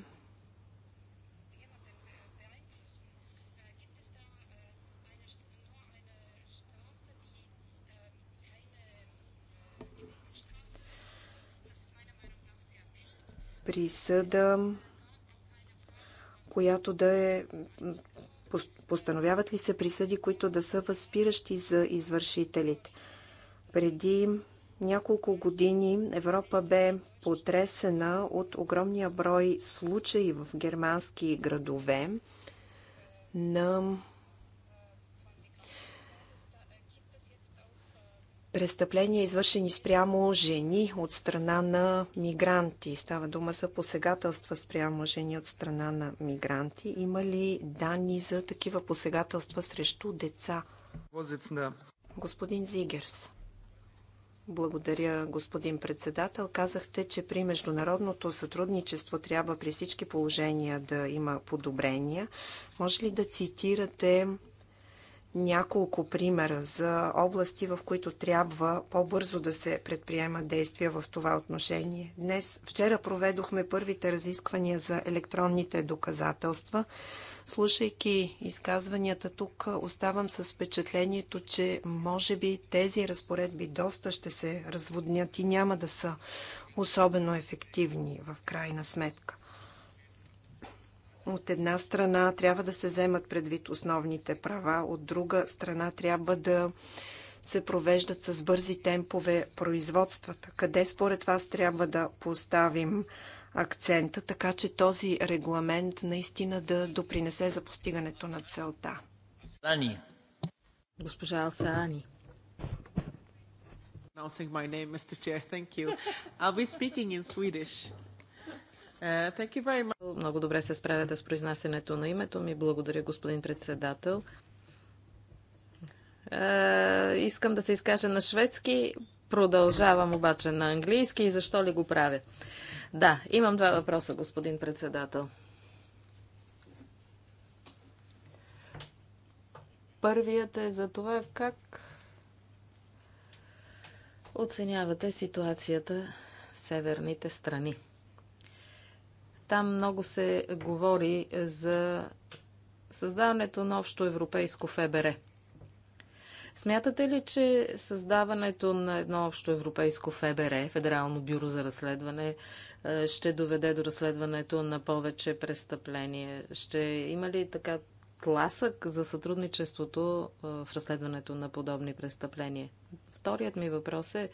присъда, която да е. Постановяват ли се присъди, които да са възпиращи за извършителите? Преди няколко години Европа бе потресена от огромния брой случаи в германски градове на престъпления, извършени спрямо жени от страна на мигранти. Става дума за посегателства спрямо жени от страна на мигранти. Има ли данни за такива посегателства срещу деца? Господин Зигерс. Благодаря, господин председател. Казахте, че при международното сътрудничество трябва при всички положения да има подобрения. Може ли да цитирате няколко примера за области, в които трябва по-бързо да се предприемат действия в това отношение. Днес, вчера проведохме първите разисквания за електронните доказателства. Слушайки изказванията тук, оставам с впечатлението, че може би тези разпоредби доста ще се разводнят и няма да са особено ефективни в крайна сметка. От една страна трябва да се вземат предвид основните права, от друга страна трябва да се провеждат с бързи темпове производствата. Къде според вас трябва да поставим акцента, така че този регламент наистина да допринесе за постигането на целта? Сани. Госпожа Алсаани. Announcing my name, Mr. Chair. Thank you. I'll be speaking in Swedish. Uh, Много добре се справяте с произнасянето на името ми. Благодаря, господин председател. Uh, искам да се изкажа на шведски. Продължавам обаче на английски и защо ли го правя? Да, имам два въпроса, господин председател. Първият е за това как оценявате ситуацията в северните страни. Там много се говори за създаването на общо европейско ФБР. Смятате ли, че създаването на едно общо европейско ФБР, Федерално бюро за разследване, е, ще доведе до разследването на повече престъпления? Ще има ли така тласък за сътрудничеството е, в разследването на подобни престъпления? Вторият ми въпрос е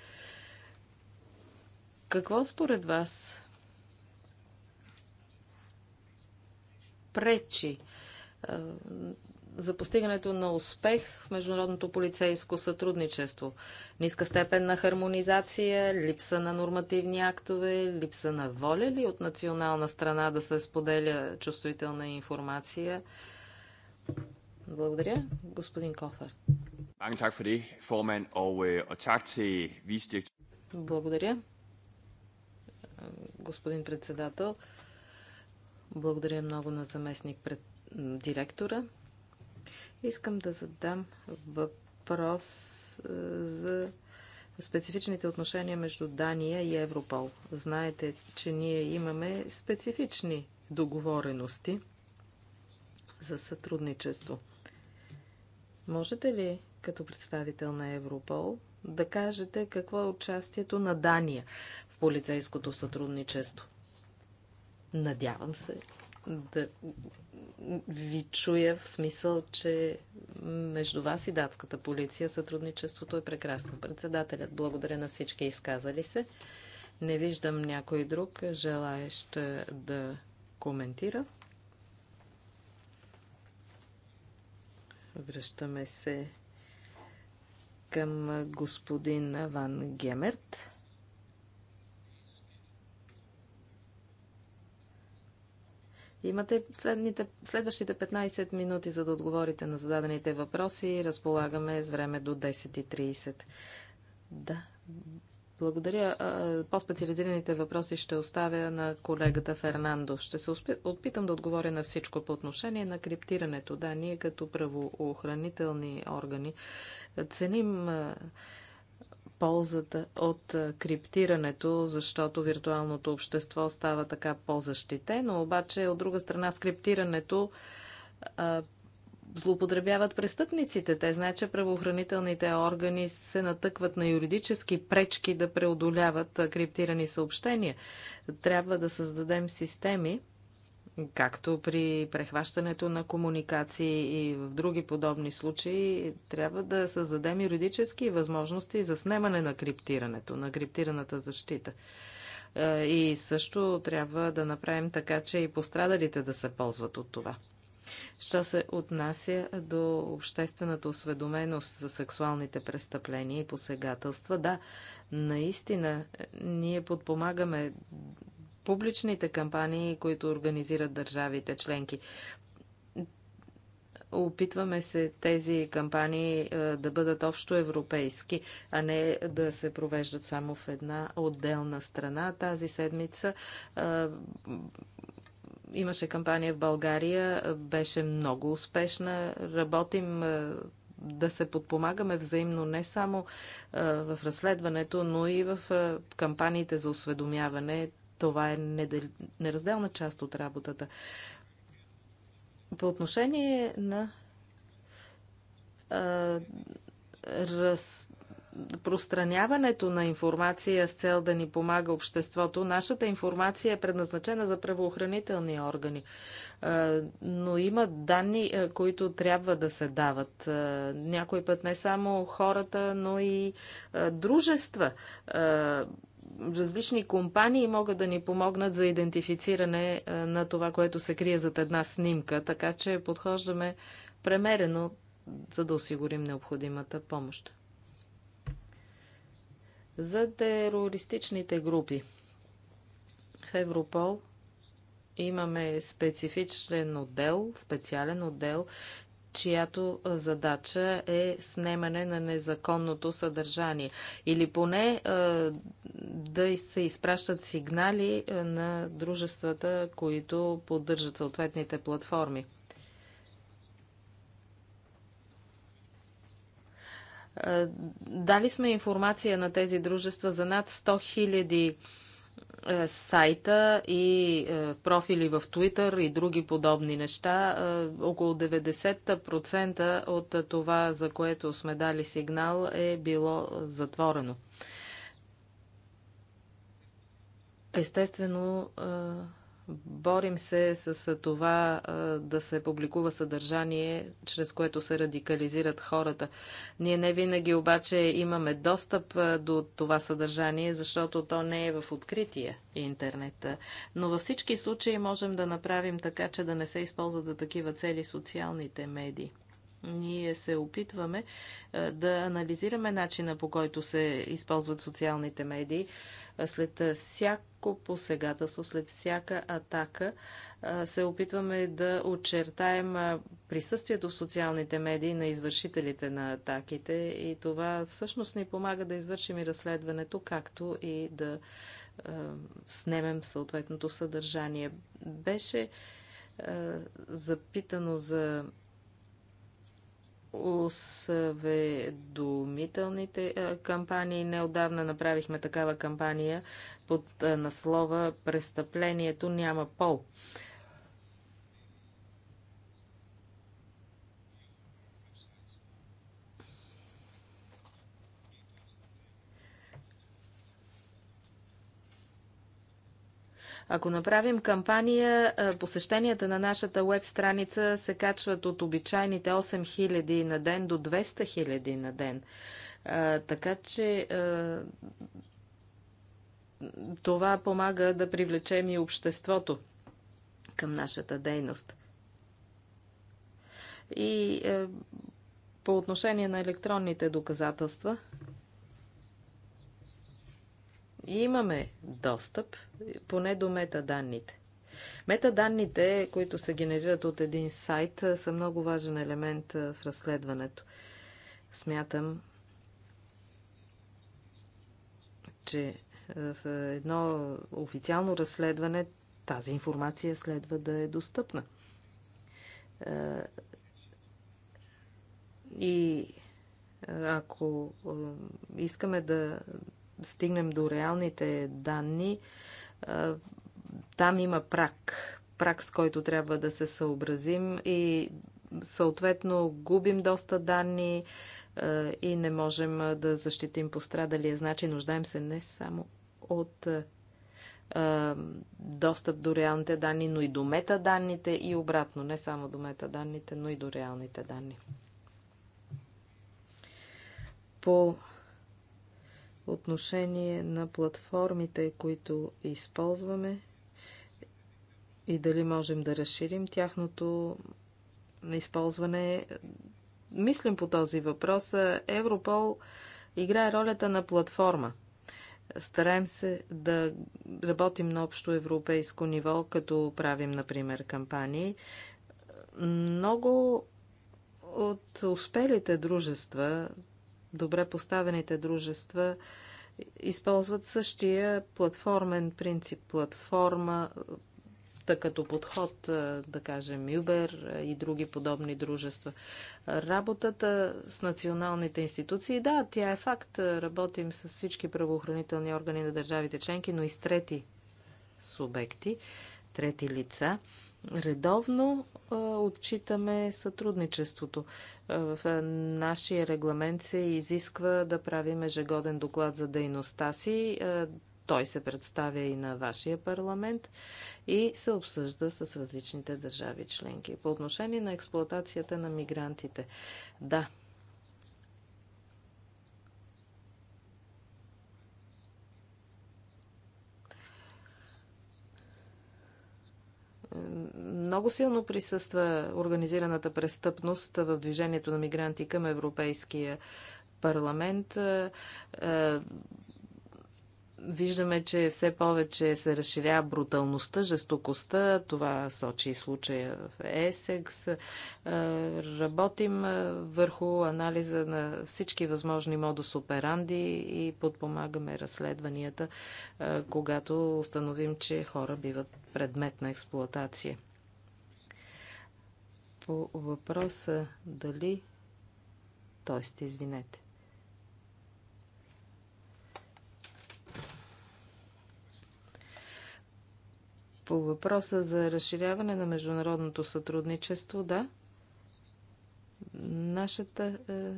какво според вас пречи е, за постигането на успех в международното полицейско сътрудничество. Ниска степен на хармонизация, липса на нормативни актове, липса на воля ли от национална страна да се споделя чувствителна информация. Благодаря. Господин Кофър. Mange tak for det, formand, og, øh, og tak til Благодаря, господин председател. Благодаря много на заместник пред директора. Искам да задам въпрос е, за специфичните отношения между Дания и Европол. Знаете, че ние имаме специфични договорености за сътрудничество. Можете ли, като представител на Европол, да кажете какво е участието на Дания в полицейското сътрудничество? Надявам се да ви чуя в смисъл, че между вас и датската полиция сътрудничеството е прекрасно. Председателят благодаря на всички изказали се. Не виждам някой друг желаещ да коментира. Връщаме се към господин Ван Гемерт. Имате следните, следващите 15 минути, за да отговорите на зададените въпроси. Разполагаме с време до 10.30. Да. Благодаря. По-специализираните въпроси ще оставя на колегата Фернандо. Ще се опитам да отговоря на всичко по отношение на криптирането. Да, ние като правоохранителни органи ценим ползата от криптирането, защото виртуалното общество става така по-защитено, обаче от друга страна с криптирането а, злоупотребяват престъпниците. Те знаят, че правоохранителните органи се натъкват на юридически пречки да преодоляват криптирани съобщения. Трябва да създадем системи, Както при прехващането на комуникации и в други подобни случаи, трябва да създадем юридически възможности за снемане на криптирането, на криптираната защита. Е, и също трябва да направим така, че и пострадалите да се ползват от това. Що се отнася до обществената осведоменост за сексуалните престъпления и посегателства, да, наистина е, ние подпомагаме публичните кампании, които организират държавите членки. Опитваме се тези кампании е, да бъдат общо европейски, а не да се провеждат само в една отделна страна. Тази седмица е, имаше кампания в България, беше много успешна. Работим е, да се подпомагаме взаимно не само в разследването, но и в кампаниите за осведомяване. Това е неразделна част от работата. По отношение на а, раз, разпространяването на информация с цел да ни помага обществото. Нашата информация е предназначена за правоохранителни органи, но има данни, които трябва да се дават. Някой път не само хората, но и дружества различни компании могат да ни помогнат за идентифициране е, на това, което се крие зад една снимка, така че подхождаме премерено, за да осигурим необходимата помощ. За терористичните групи в Европол имаме специфичен отдел, специален отдел, чиято задача е снемане на незаконното съдържание. Или поне да се изпращат сигнали на дружествата, които поддържат съответните платформи. Дали сме информация на тези дружества за над 100 000 е, сайта и е, профили в Twitter и други подобни неща. Е, около 90% от това, за което сме дали сигнал, е било затворено. Естествено, Борим се с това да се публикува съдържание, чрез което се радикализират хората. Ние не винаги обаче имаме достъп до това съдържание, защото то не е в открития интернет. Но във всички случаи можем да направим така, че да не се използват за такива цели социалните медии. Ние се опитваме е, да анализираме начина по който се използват социалните медии. Е, след е, всяко посегателство, след всяка атака се опитваме да очертаем присъствието в социалните медии на извършителите на атаките и това всъщност ни помага да извършим и разследването, както и да снемем съответното съдържание. Беше запитано за осведомителните кампании. Неодавна направихме такава кампания под наслова Престъплението няма пол. Ако направим кампания, посещенията на нашата веб страница се качват от обичайните 8000 на ден до 200 000 на ден. Така че това помага да привлечем и обществото към нашата дейност. И по отношение на електронните доказателства, имаме достъп поне до метаданните. Метаданните, които се генерират от един сайт, е, са много важен елемент е, в разследването. Смятам, че е, в едно официално разследване тази информация следва да е достъпна. И ако искаме да стигнем до реалните данни, там има прак. Прак, с който трябва да се съобразим и съответно губим доста данни и не можем да защитим пострадалия. Значи нуждаем се не само от достъп до реалните данни, но и до метаданните и обратно. Не само до метаданните, но и до реалните данни. По отношение на платформите, които използваме и дали можем да разширим тяхното използване. Мислим по този въпрос. Европол играе ролята на платформа. Стараем се да работим на общо европейско ниво, като правим, например, кампании. Много от успелите дружества, добре поставените дружества използват същия платформен принцип. Платформа като подход, да кажем, Uber и други подобни дружества. Работата с националните институции, да, тя е факт. Работим с всички правоохранителни органи на държавите членки, но и с трети субекти, трети лица редовно отчитаме сътрудничеството. В нашия регламент се изисква да правим ежегоден доклад за дейността си. Той се представя и на вашия парламент и се обсъжда с различните държави членки. По отношение на експлоатацията на мигрантите. Да, Много силно присъства организираната престъпност в движението на мигранти към Европейския парламент. Е, е, виждаме, че все повече се разширява бруталността, жестокостта. Това сочи и случая в Есекс. Е, работим върху анализа на всички възможни модус операнди и подпомагаме разследванията, когато установим, че хора биват предмет на експлоатация по въпроса дали... Тоест, извинете. По въпроса за разширяване на международното сътрудничество, да. Нашата е,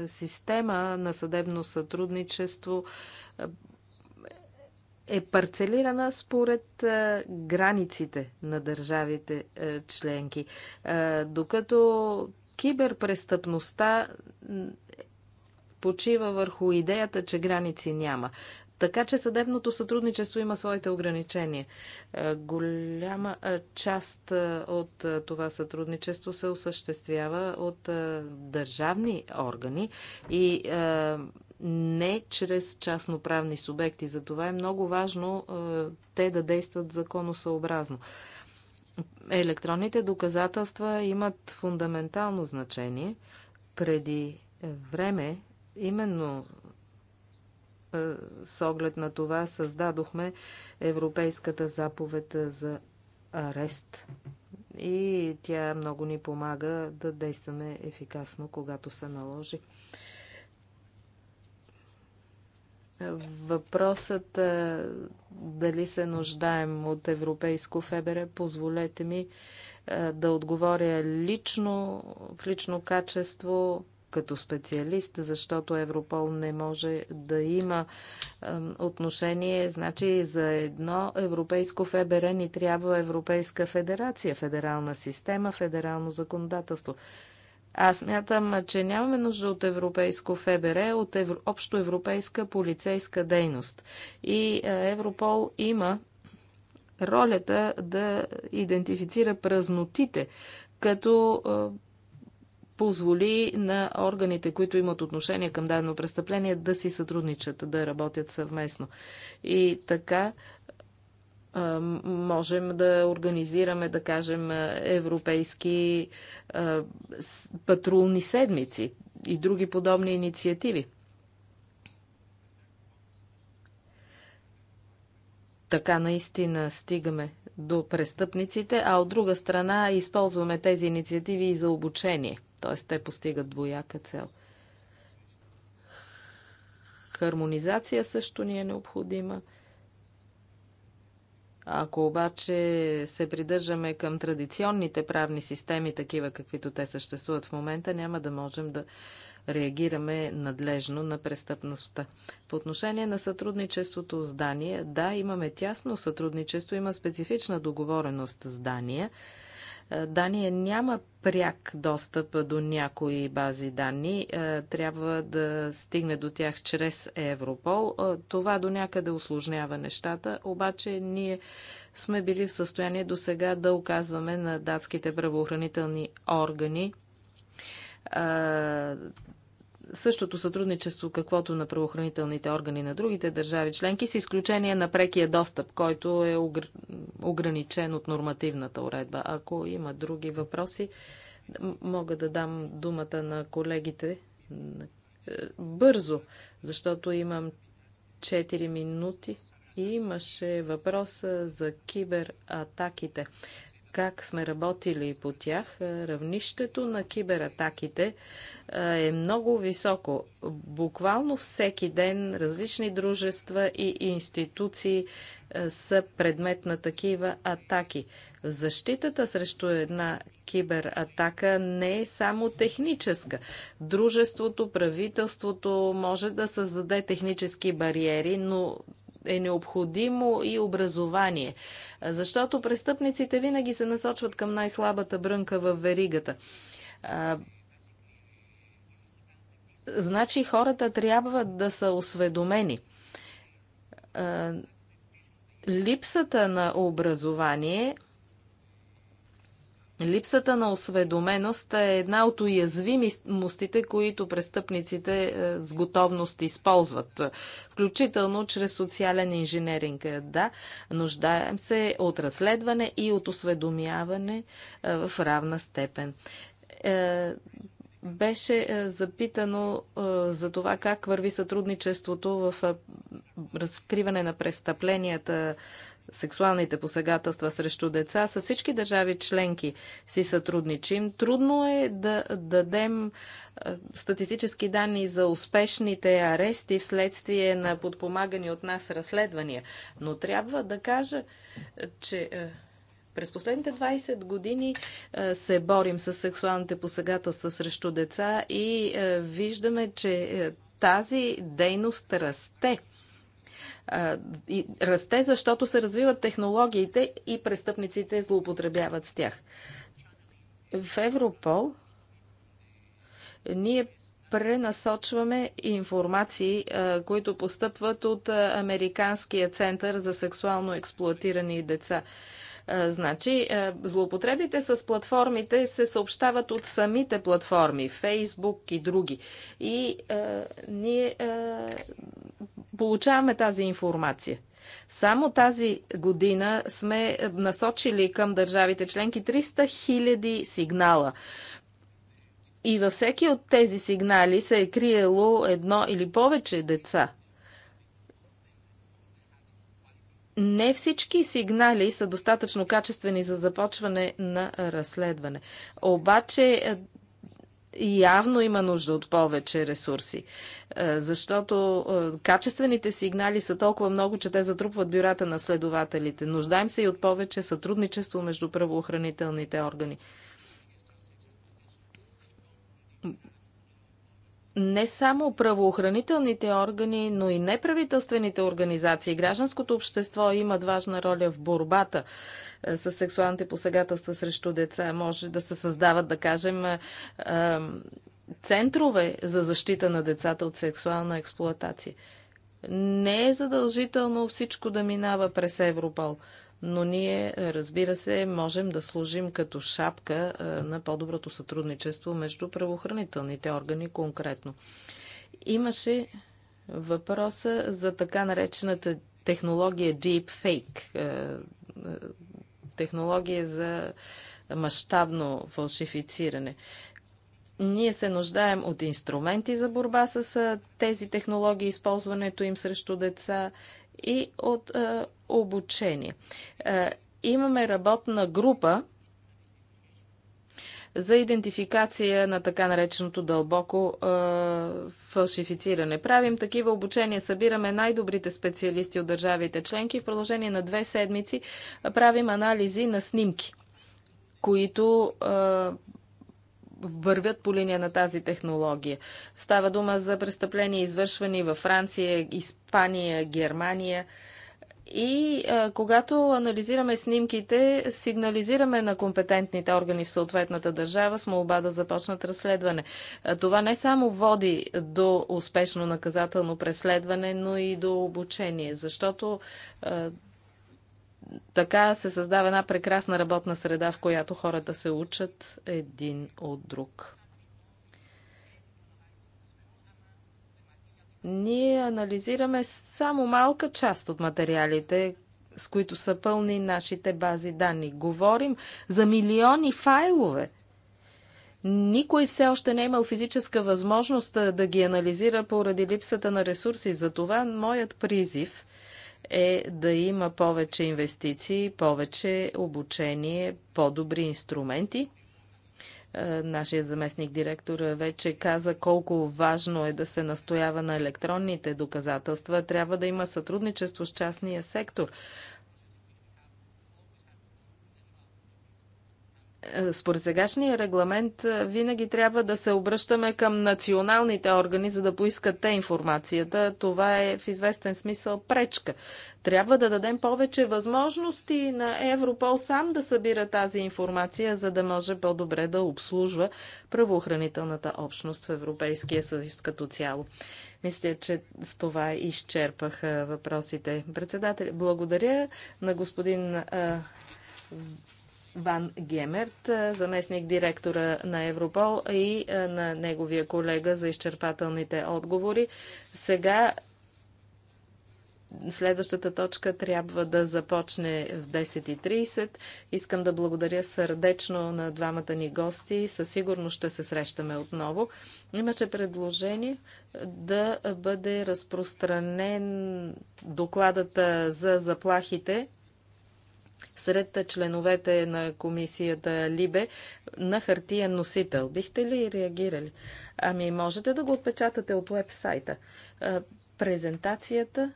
е система на съдебно сътрудничество е е парцелирана според границите на държавите членки. докато киберпрестъпността почива върху идеята, че граници няма. Така че съдебното сътрудничество има своите ограничения. Голяма част от това сътрудничество се осъществява от държавни органи и не чрез частноправни субекти. Затова е много важно е, те да действат законосъобразно. Електронните доказателства имат фундаментално значение. Преди време, именно е, с оглед на това, създадохме Европейската заповед за арест. И тя много ни помага да действаме ефикасно, когато се наложи. Въпросът дали се нуждаем от европейско фебере, позволете ми да отговоря лично, в лично качество, като специалист, защото Европол не може да има отношение. Значи за едно европейско ФБР ни трябва Европейска федерация, федерална система, федерално законодателство. Аз мятам, че нямаме нужда от европейско ФБР, от евро... общо европейска полицейска дейност. И е, Европол има ролята да идентифицира празнотите, като е, позволи на органите, които имат отношение към дадено престъпление, да си сътрудничат, да работят съвместно. И така можем да организираме, да кажем, европейски патрулни седмици и други подобни инициативи. Така наистина стигаме до престъпниците, а от друга страна използваме тези инициативи и за обучение. Т.е. те постигат двояка цел. Хармонизация също ни е необходима. Ако обаче се придържаме към традиционните правни системи, такива каквито те съществуват в момента, няма да можем да реагираме надлежно на престъпността. По отношение на сътрудничеството с Дания, да, имаме тясно сътрудничество, има специфична договореност с Дания – е, Дания няма пряк достъп до някои бази данни. Е, Трябва да стигне до тях чрез Европол. Е, Това до някъде осложнява нещата, обаче ние сме били в състояние до сега да оказваме на датските правоохранителни органи същото сътрудничество, каквото на правоохранителните органи на другите държави членки, с изключение на прекия достъп, който е ограничен от нормативната уредба. Ако има други въпроси, мога да дам думата на колегите е, бързо, защото имам 4 минути. И имаше въпрос за кибератаките как сме работили по тях, е, равнището на кибератаките е, е много високо. Буквално всеки ден различни дружества и институции е, са предмет на такива атаки. Защитата срещу една кибератака не е само техническа. Дружеството, правителството може да създаде технически бариери, но е необходимо и образование. Защото престъпниците винаги се насочват към най-слабата брънка в веригата. Значи хората трябва да са осведомени. Липсата на образование – Липсата на осведоменост е една от уязвимостите, които престъпниците е, с готовност използват, включително чрез социален инженеринг. Е, да, нуждаем се от разследване и от осведомяване е, в равна степен беше запитано за това как върви сътрудничеството в разкриване на престъпленията сексуалните посегателства срещу деца, с всички държави членки си сътрудничим. Трудно е да дадем статистически данни за успешните арести вследствие на подпомагани от нас разследвания. Но трябва да кажа, че през последните 20 години се борим с сексуалните посегателства срещу деца и виждаме, че тази дейност расте расте, защото се развиват технологиите и престъпниците злоупотребяват с тях. В Европол ние пренасочваме информации, които постъпват от Американския център за сексуално експлуатирани деца. Значи, злоупотребите с платформите се съобщават от самите платформи, Фейсбук и други. И а, ние а, получаваме тази информация. Само тази година сме насочили към държавите членки 300 000 сигнала. И във всеки от тези сигнали се е криело едно или повече деца. Не всички сигнали са достатъчно качествени за започване на разследване. Обаче явно има нужда от повече ресурси. Е, защото е, качествените сигнали са толкова много, че те затрупват бюрата на следователите. Нуждаем се и от повече сътрудничество между правоохранителните органи не само правоохранителните органи, но и неправителствените организации. Гражданското общество имат важна роля в борбата е, с сексуалните посегателства срещу деца. Може да се създават, да кажем, е, е, центрове за защита на децата от сексуална експлоатация. Не е задължително всичко да минава през Европол но ние, разбира се, можем да служим като шапка на по-доброто сътрудничество между правоохранителните органи конкретно. Имаше въпроса за така наречената технология Deep Fake. технология за мащабно фалшифициране. Ние се нуждаем от инструменти за борба с тези технологии, използването им срещу деца и от а, е, обучение. А, е, имаме работна група за идентификация на така нареченото дълбоко а, е, фалшифициране. Правим такива обучения, събираме най-добрите специалисти от държавите членки. В продължение на две седмици правим анализи на снимки които а, вървят по линия на тази технология. Става дума за престъпления, извършвани във Франция, Испания, Германия. И а, когато анализираме снимките, сигнализираме на компетентните органи в съответната държава с молба да започнат разследване. А, това не само води до успешно наказателно преследване, но и до обучение, защото а, така се създава една прекрасна работна среда, в която хората се учат един от друг. Ние анализираме само малка част от материалите, с които са пълни нашите бази данни. Говорим за милиони файлове. Никой все още не е имал физическа възможност да ги анализира поради липсата на ресурси. Затова моят призив е да има повече инвестиции, повече обучение, по-добри инструменти. Е, нашият заместник директор вече каза колко важно е да се настоява на електронните доказателства. Трябва да има сътрудничество с частния сектор. Е, според сегашния регламент е, винаги трябва да се обръщаме към националните органи, за да поискат те информацията. Това е в известен смисъл пречка. Трябва да дадем повече възможности на Европол сам да събира тази информация, за да може по-добре да обслужва правоохранителната общност в Европейския съюз като цяло. Мисля, че с това изчерпах въпросите. Председател, благодаря на господин Ван Гемерт, заместник директора на Европол и на неговия колега за изчерпателните отговори. Сега следващата точка трябва да започне в 10.30. Искам да благодаря сърдечно на двамата ни гости. Със сигурност ще се срещаме отново. Имаше предложение да бъде разпространен докладата за заплахите сред членовете на комисията Либе на хартиен носител. Бихте ли реагирали? Ами можете да го отпечатате от вебсайта. Презентацията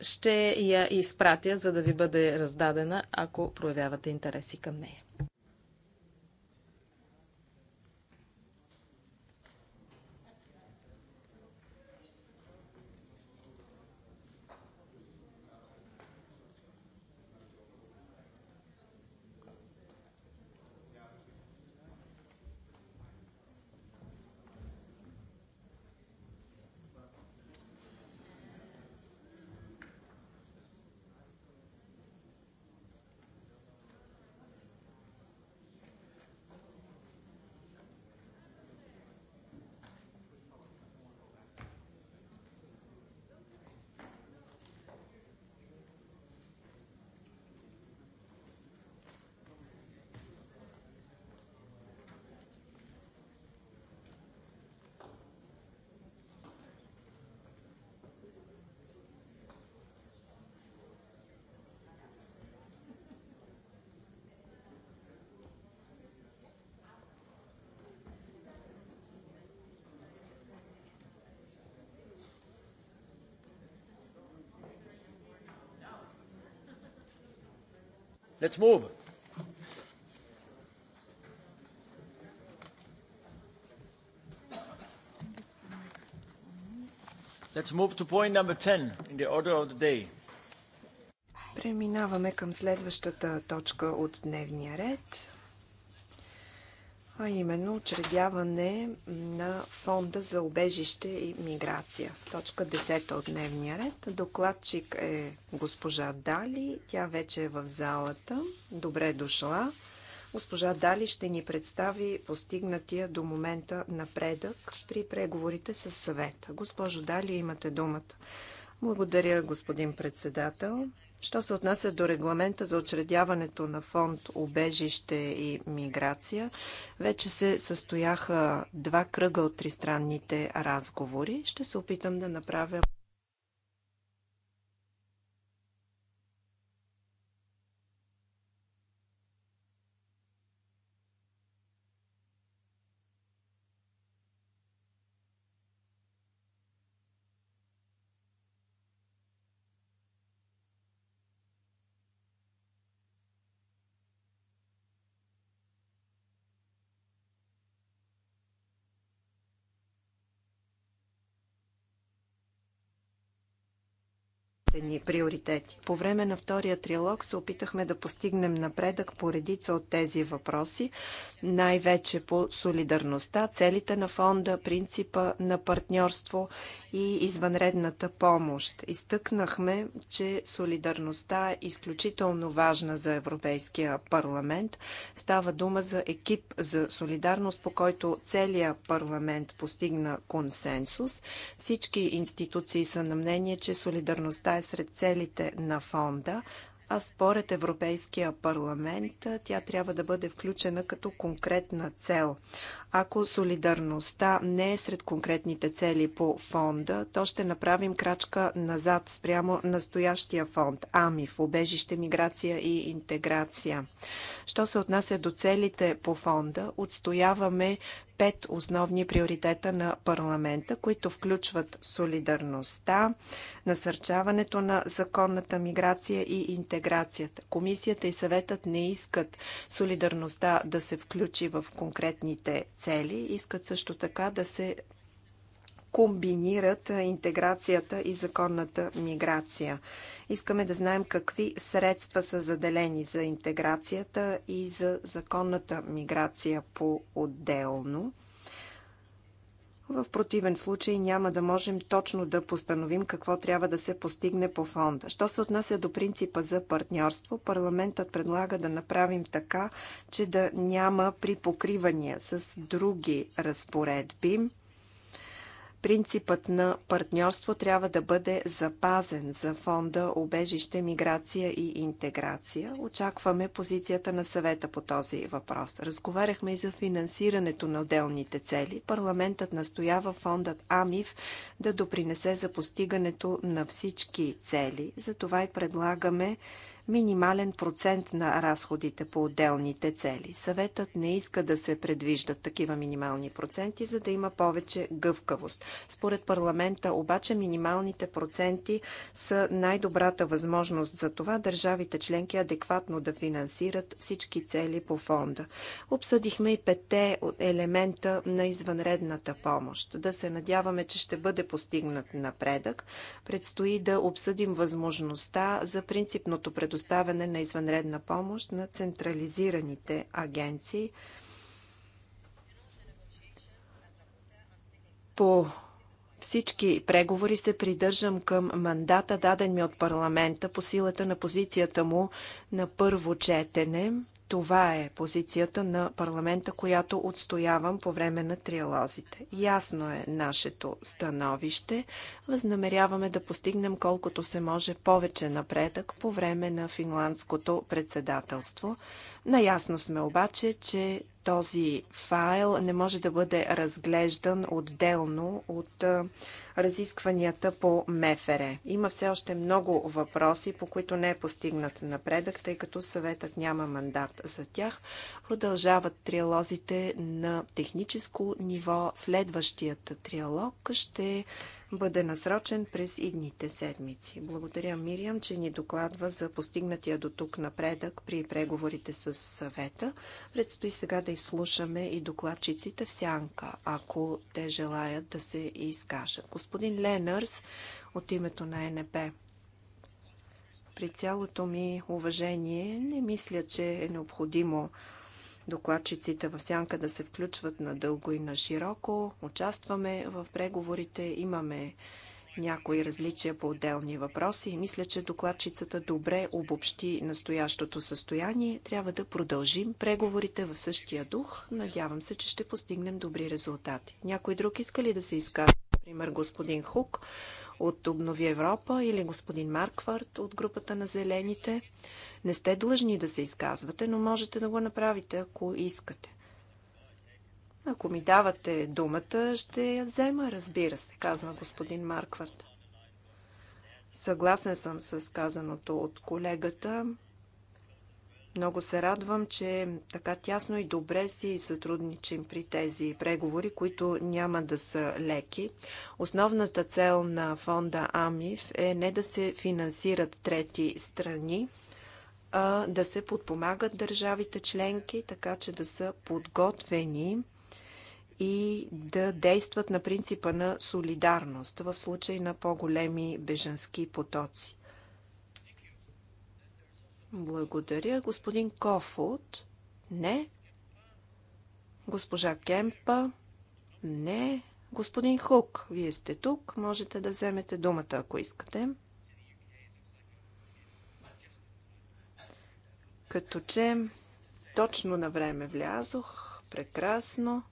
ще я изпратя, за да ви бъде раздадена, ако проявявате интереси към нея. let's move. Let's move to point number 10 in the order of the day. Преминаваме към следващата точка от дневния ред а именно учредяване на фонда за обежище и миграция. Точка 10 от дневния ред. Докладчик е госпожа Дали. Тя вече е в залата. Добре дошла. Госпожа Дали ще ни представи постигнатия до момента напредък при преговорите с съвета. Госпожо Дали, имате думата. Благодаря, господин председател. Що се отнася до регламента за очредяването на фонд Обежище и миграция, вече се състояха два кръга от тристранните разговори. Ще се опитам да направя ни приоритети. По време на втория триалог се опитахме да постигнем напредък по редица от тези въпроси, най-вече по солидарността, целите на фонда, принципа на партньорство и извънредната помощ. Изтъкнахме, че солидарността е изключително важна за Европейския парламент. Става дума за екип за солидарност, по който целият парламент постигна консенсус. Всички институции са на мнение, че солидарността е сред целите на фонда, а според Европейския парламент тя трябва да бъде включена като конкретна цел. Ако солидарността не е сред конкретните цели по фонда, то ще направим крачка назад спрямо настоящия фонд АМИФ, обежище, миграция и интеграция. Що се отнася до целите по фонда, отстояваме пет основни приоритета на парламента, които включват солидарността, насърчаването на законната миграция и интеграция, интеграцията. Комисията и съветът не искат солидарността да се включи в конкретните цели, искат също така да се комбинират интеграцията и законната миграция. Искаме да знаем какви средства са заделени за интеграцията и за законната миграция по-отделно. В противен случай няма да можем точно да постановим какво трябва да се постигне по фонда. Що се отнася до принципа за партньорство, парламентът предлага да направим така, че да няма припокривания с други разпоредби. Принципът на партньорство трябва да бъде запазен за фонда Обежище, миграция и интеграция. Очакваме позицията на съвета по този въпрос. Разговаряхме и за финансирането на отделните цели. Парламентът настоява фондът АМИФ да допринесе за постигането на всички цели. Затова и предлагаме минимален процент на разходите по отделните цели. Съветът не иска да се предвиждат такива минимални проценти, за да има повече гъвкавост. Според парламента обаче минималните проценти са най-добрата възможност за това държавите членки адекватно да финансират всички цели по фонда. Обсъдихме и петте елемента на извънредната помощ. Да се надяваме, че ще бъде постигнат напредък. Предстои да обсъдим възможността за принципното предоставяне предоставяне на извънредна помощ на централизираните агенции. По всички преговори се придържам към мандата, даден ми от парламента по силата на позицията му на първо четене. Това е позицията на парламента, която отстоявам по време на триалозите. Ясно е нашето становище. Възнамеряваме да постигнем колкото се може повече напредък по време на финландското председателство. Наясно сме обаче, че този файл не може да бъде разглеждан отделно от разискванията по МЕФЕРЕ. Има все още много въпроси, по които не е постигнат напредък, тъй като съветът няма мандат за тях. Продължават триалозите на техническо ниво. Следващият триалог ще бъде насрочен през идните седмици. Благодаря Мириам, че ни докладва за постигнатия до тук напредък при преговорите с съвета. Предстои сега да изслушаме и докладчиците в сянка, ако те желаят да се изкажат. Господин Ленърс от името на НП. При цялото ми уважение не мисля, че е необходимо докладчиците в сянка да се включват на дълго и на широко. Участваме в преговорите, имаме някои различия по отделни въпроси и мисля, че докладчицата добре обобщи настоящото състояние. Трябва да продължим преговорите в същия дух. Надявам се, че ще постигнем добри резултати. Някой друг иска ли да се изкаже? Например, господин Хук от Обнови Европа или господин Марквард от групата на Зелените. Не сте длъжни да се изказвате, но можете да го направите, ако искате. Ако ми давате думата, ще я взема, разбира се, казва господин Марквард. Съгласен съм с казаното от колегата. Много се радвам, че така тясно и добре си сътрудничим при тези преговори, които няма да са леки. Основната цел на фонда АМИФ е не да се финансират трети страни, а да се подпомагат държавите членки, така че да са подготвени и да действат на принципа на солидарност в случай на по-големи бежански потоци. Благодаря. Господин Кофот? Не. Госпожа Кемпа? Не. Господин Хук, вие сте тук. Можете да вземете думата, ако искате. Като че точно на време влязох, прекрасно.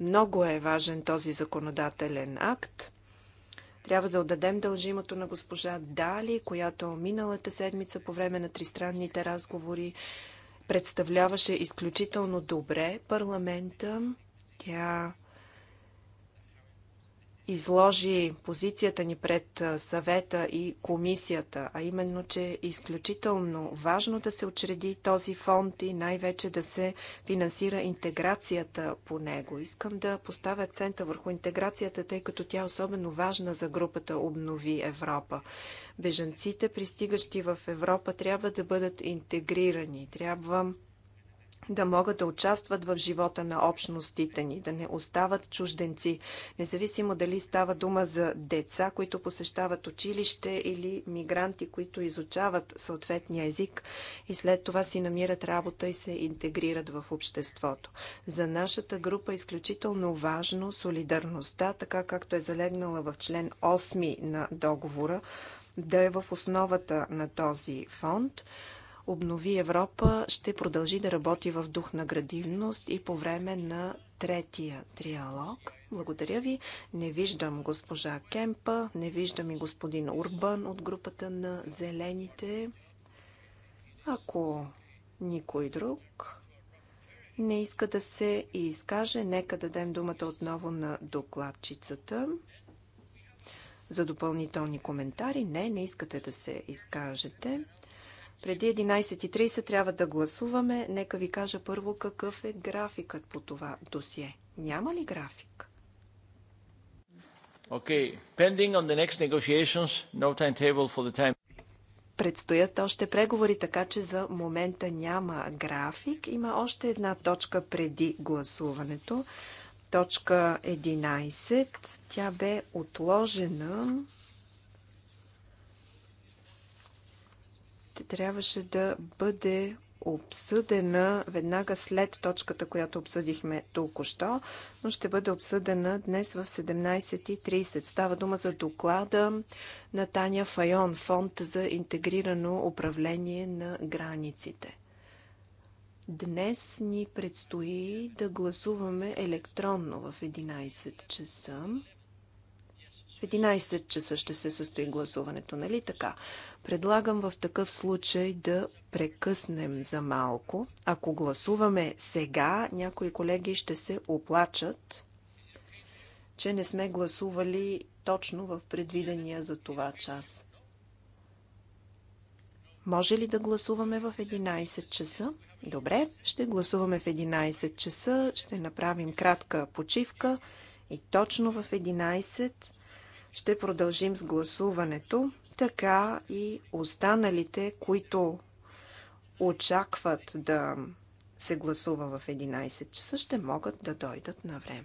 Много е важен този законодателен акт. Трябва да отдадем дължимото на госпожа Дали, която миналата седмица по време на тристранните разговори представляваше изключително добре парламента. Тя изложи позицията ни пред съвета и комисията, а именно, че е изключително важно да се учреди този фонд и най-вече да се финансира интеграцията по него. Искам да поставя акцента върху интеграцията, тъй като тя е особено важна за групата Обнови Европа. Бежанците, пристигащи в Европа, трябва да бъдат интегрирани. Трябва да могат да участват в живота на общностите ни, да не остават чужденци, независимо дали става дума за деца, които посещават училище или мигранти, които изучават съответния език и след това си намират работа и се интегрират в обществото. За нашата група е изключително важно солидарността, така както е залегнала в член 8 на договора, да е в основата на този фонд – Обнови Европа ще продължи да работи в дух на градивност и по време на третия триалог. Благодаря ви. Не виждам госпожа Кемпа, не виждам и господин Урбан от групата на Зелените. Ако никой друг не иска да се изкаже, нека дадем думата отново на докладчицата за допълнителни коментари. Не, не искате да се изкажете. Преди 11.30 трябва да гласуваме. Нека ви кажа първо какъв е графикът по това досие. Няма ли график? Okay. Pending on the next negotiations, no timetable for the time. Предстоят още преговори, така че за момента няма график. Има още една точка преди гласуването. Точка 11. Тя бе отложена ще трябваше да бъде обсъдена веднага след точката, която обсъдихме току-що, но ще бъде обсъдена днес в 17.30. Става дума за доклада на Таня Файон, Фонд за интегрирано управление на границите. Днес ни предстои да гласуваме електронно в 11 часа. В 11 часа ще се състои гласуването, нали така? Предлагам в такъв случай да прекъснем за малко. Ако гласуваме сега, някои колеги ще се оплачат, че не сме гласували точно в предвидения за това час. Може ли да гласуваме в 11 часа? Добре, ще гласуваме в 11 часа, ще направим кратка почивка и точно в 11 ще продължим с гласуването така и останалите, които очакват да се гласува в 11 часа, ще могат да дойдат на време.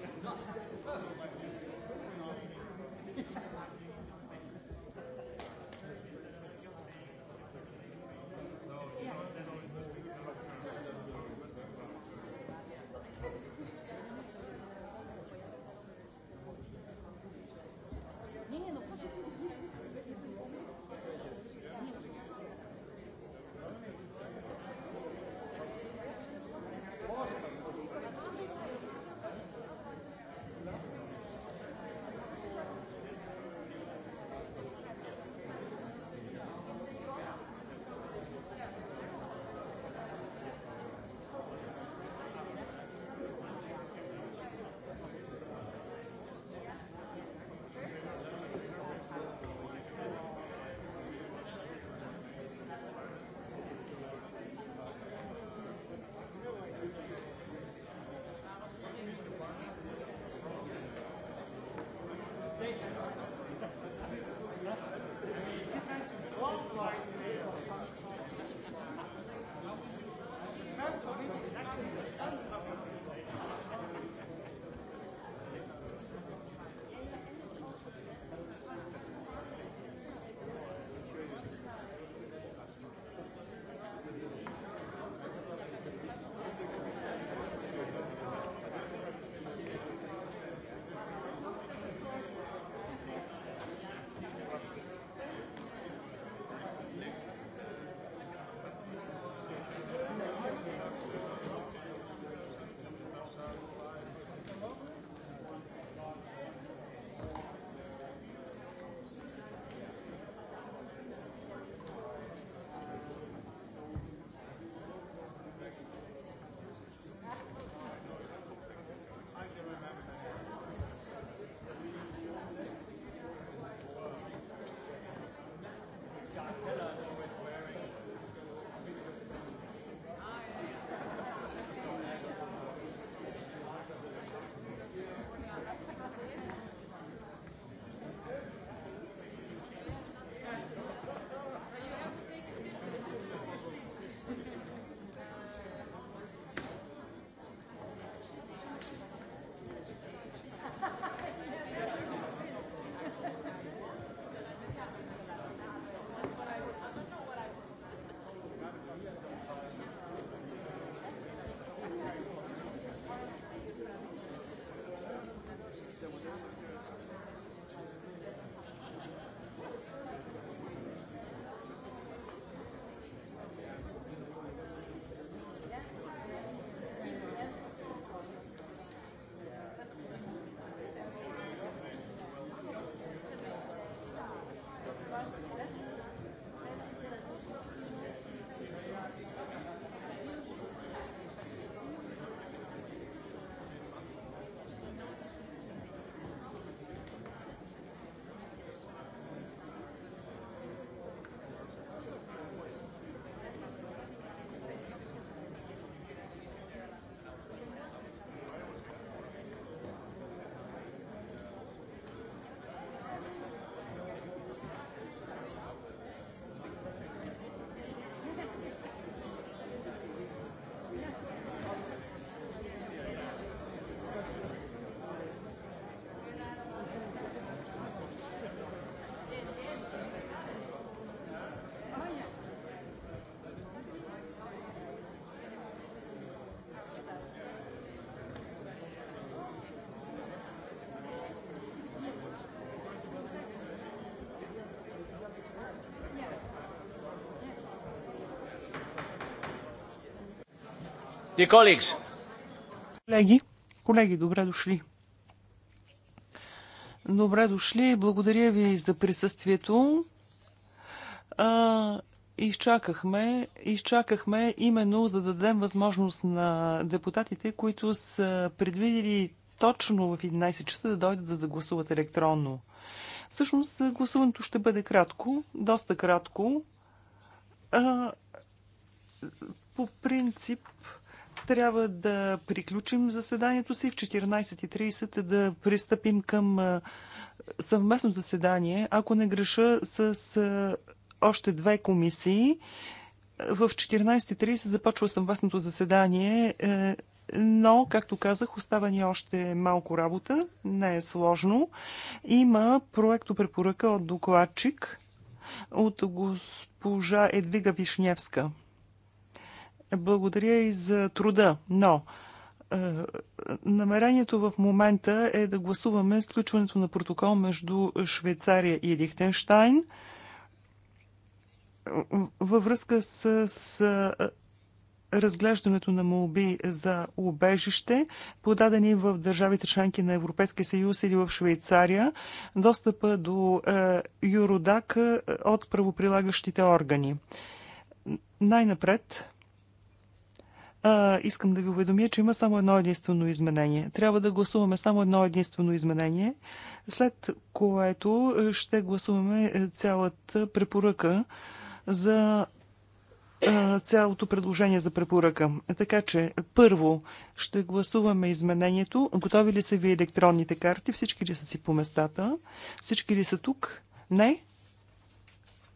Колеги, колеги, добре дошли. Добре дошли. Благодаря ви за присъствието. А, изчакахме, изчакахме именно за да дадем възможност на депутатите, които са предвидили точно в 11 часа да дойдат за да гласуват електронно. Всъщност гласуването ще бъде кратко, доста кратко. А, по принцип трябва да приключим заседанието си в 14.30 да пристъпим към съвместно заседание, ако не греша, с още две комисии. В 14.30 започва съвместното заседание, е, но, както казах, остава ни още малко работа. Не е сложно. Има проекто препоръка от докладчик от госпожа Едвига Вишневска. Благодаря и за труда, но е, намерението в момента е да гласуваме сключването на протокол между Швейцария и Лихтенштайн във връзка с, с е, разглеждането на молби за убежище, подадени в държавите членки на Европейския съюз или в Швейцария, достъпа до е, Юродак е, от правоприлагащите органи. Най-напред а, искам да ви уведомя, че има само едно единствено изменение. Трябва да гласуваме само едно единствено изменение, след което е, ще гласуваме е, цялата препоръка за е, цялото предложение за препоръка. Така че, първо ще гласуваме изменението. Готови ли са ви електронните карти? Всички ли са си по местата? Всички ли са тук? Не?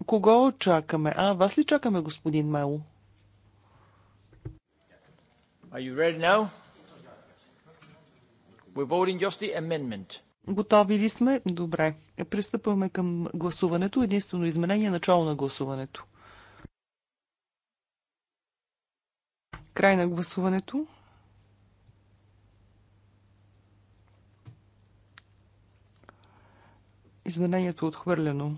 Кого чакаме? А, вас ли чакаме, господин Мело? Are you ready now? We're voting just the amendment. Готови ли сме? Добре. Пристъпваме към гласуването. Единствено изменение начало на гласуването. Край на гласуването. Изменението е отхвърлено.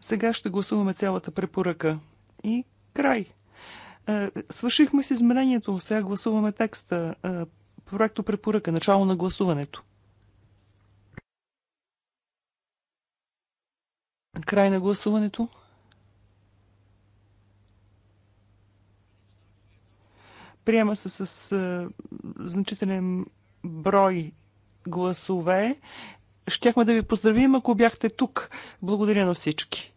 Сега ще гласуваме цялата препоръка. И край. Е, свършихме с изменението. Сега гласуваме текста. Е, проекто препоръка. Начало на гласуването. Край на гласуването. Приема се с е, значителен брой гласове щяхме да ви поздравим, ако бяхте тук. Благодаря на всички.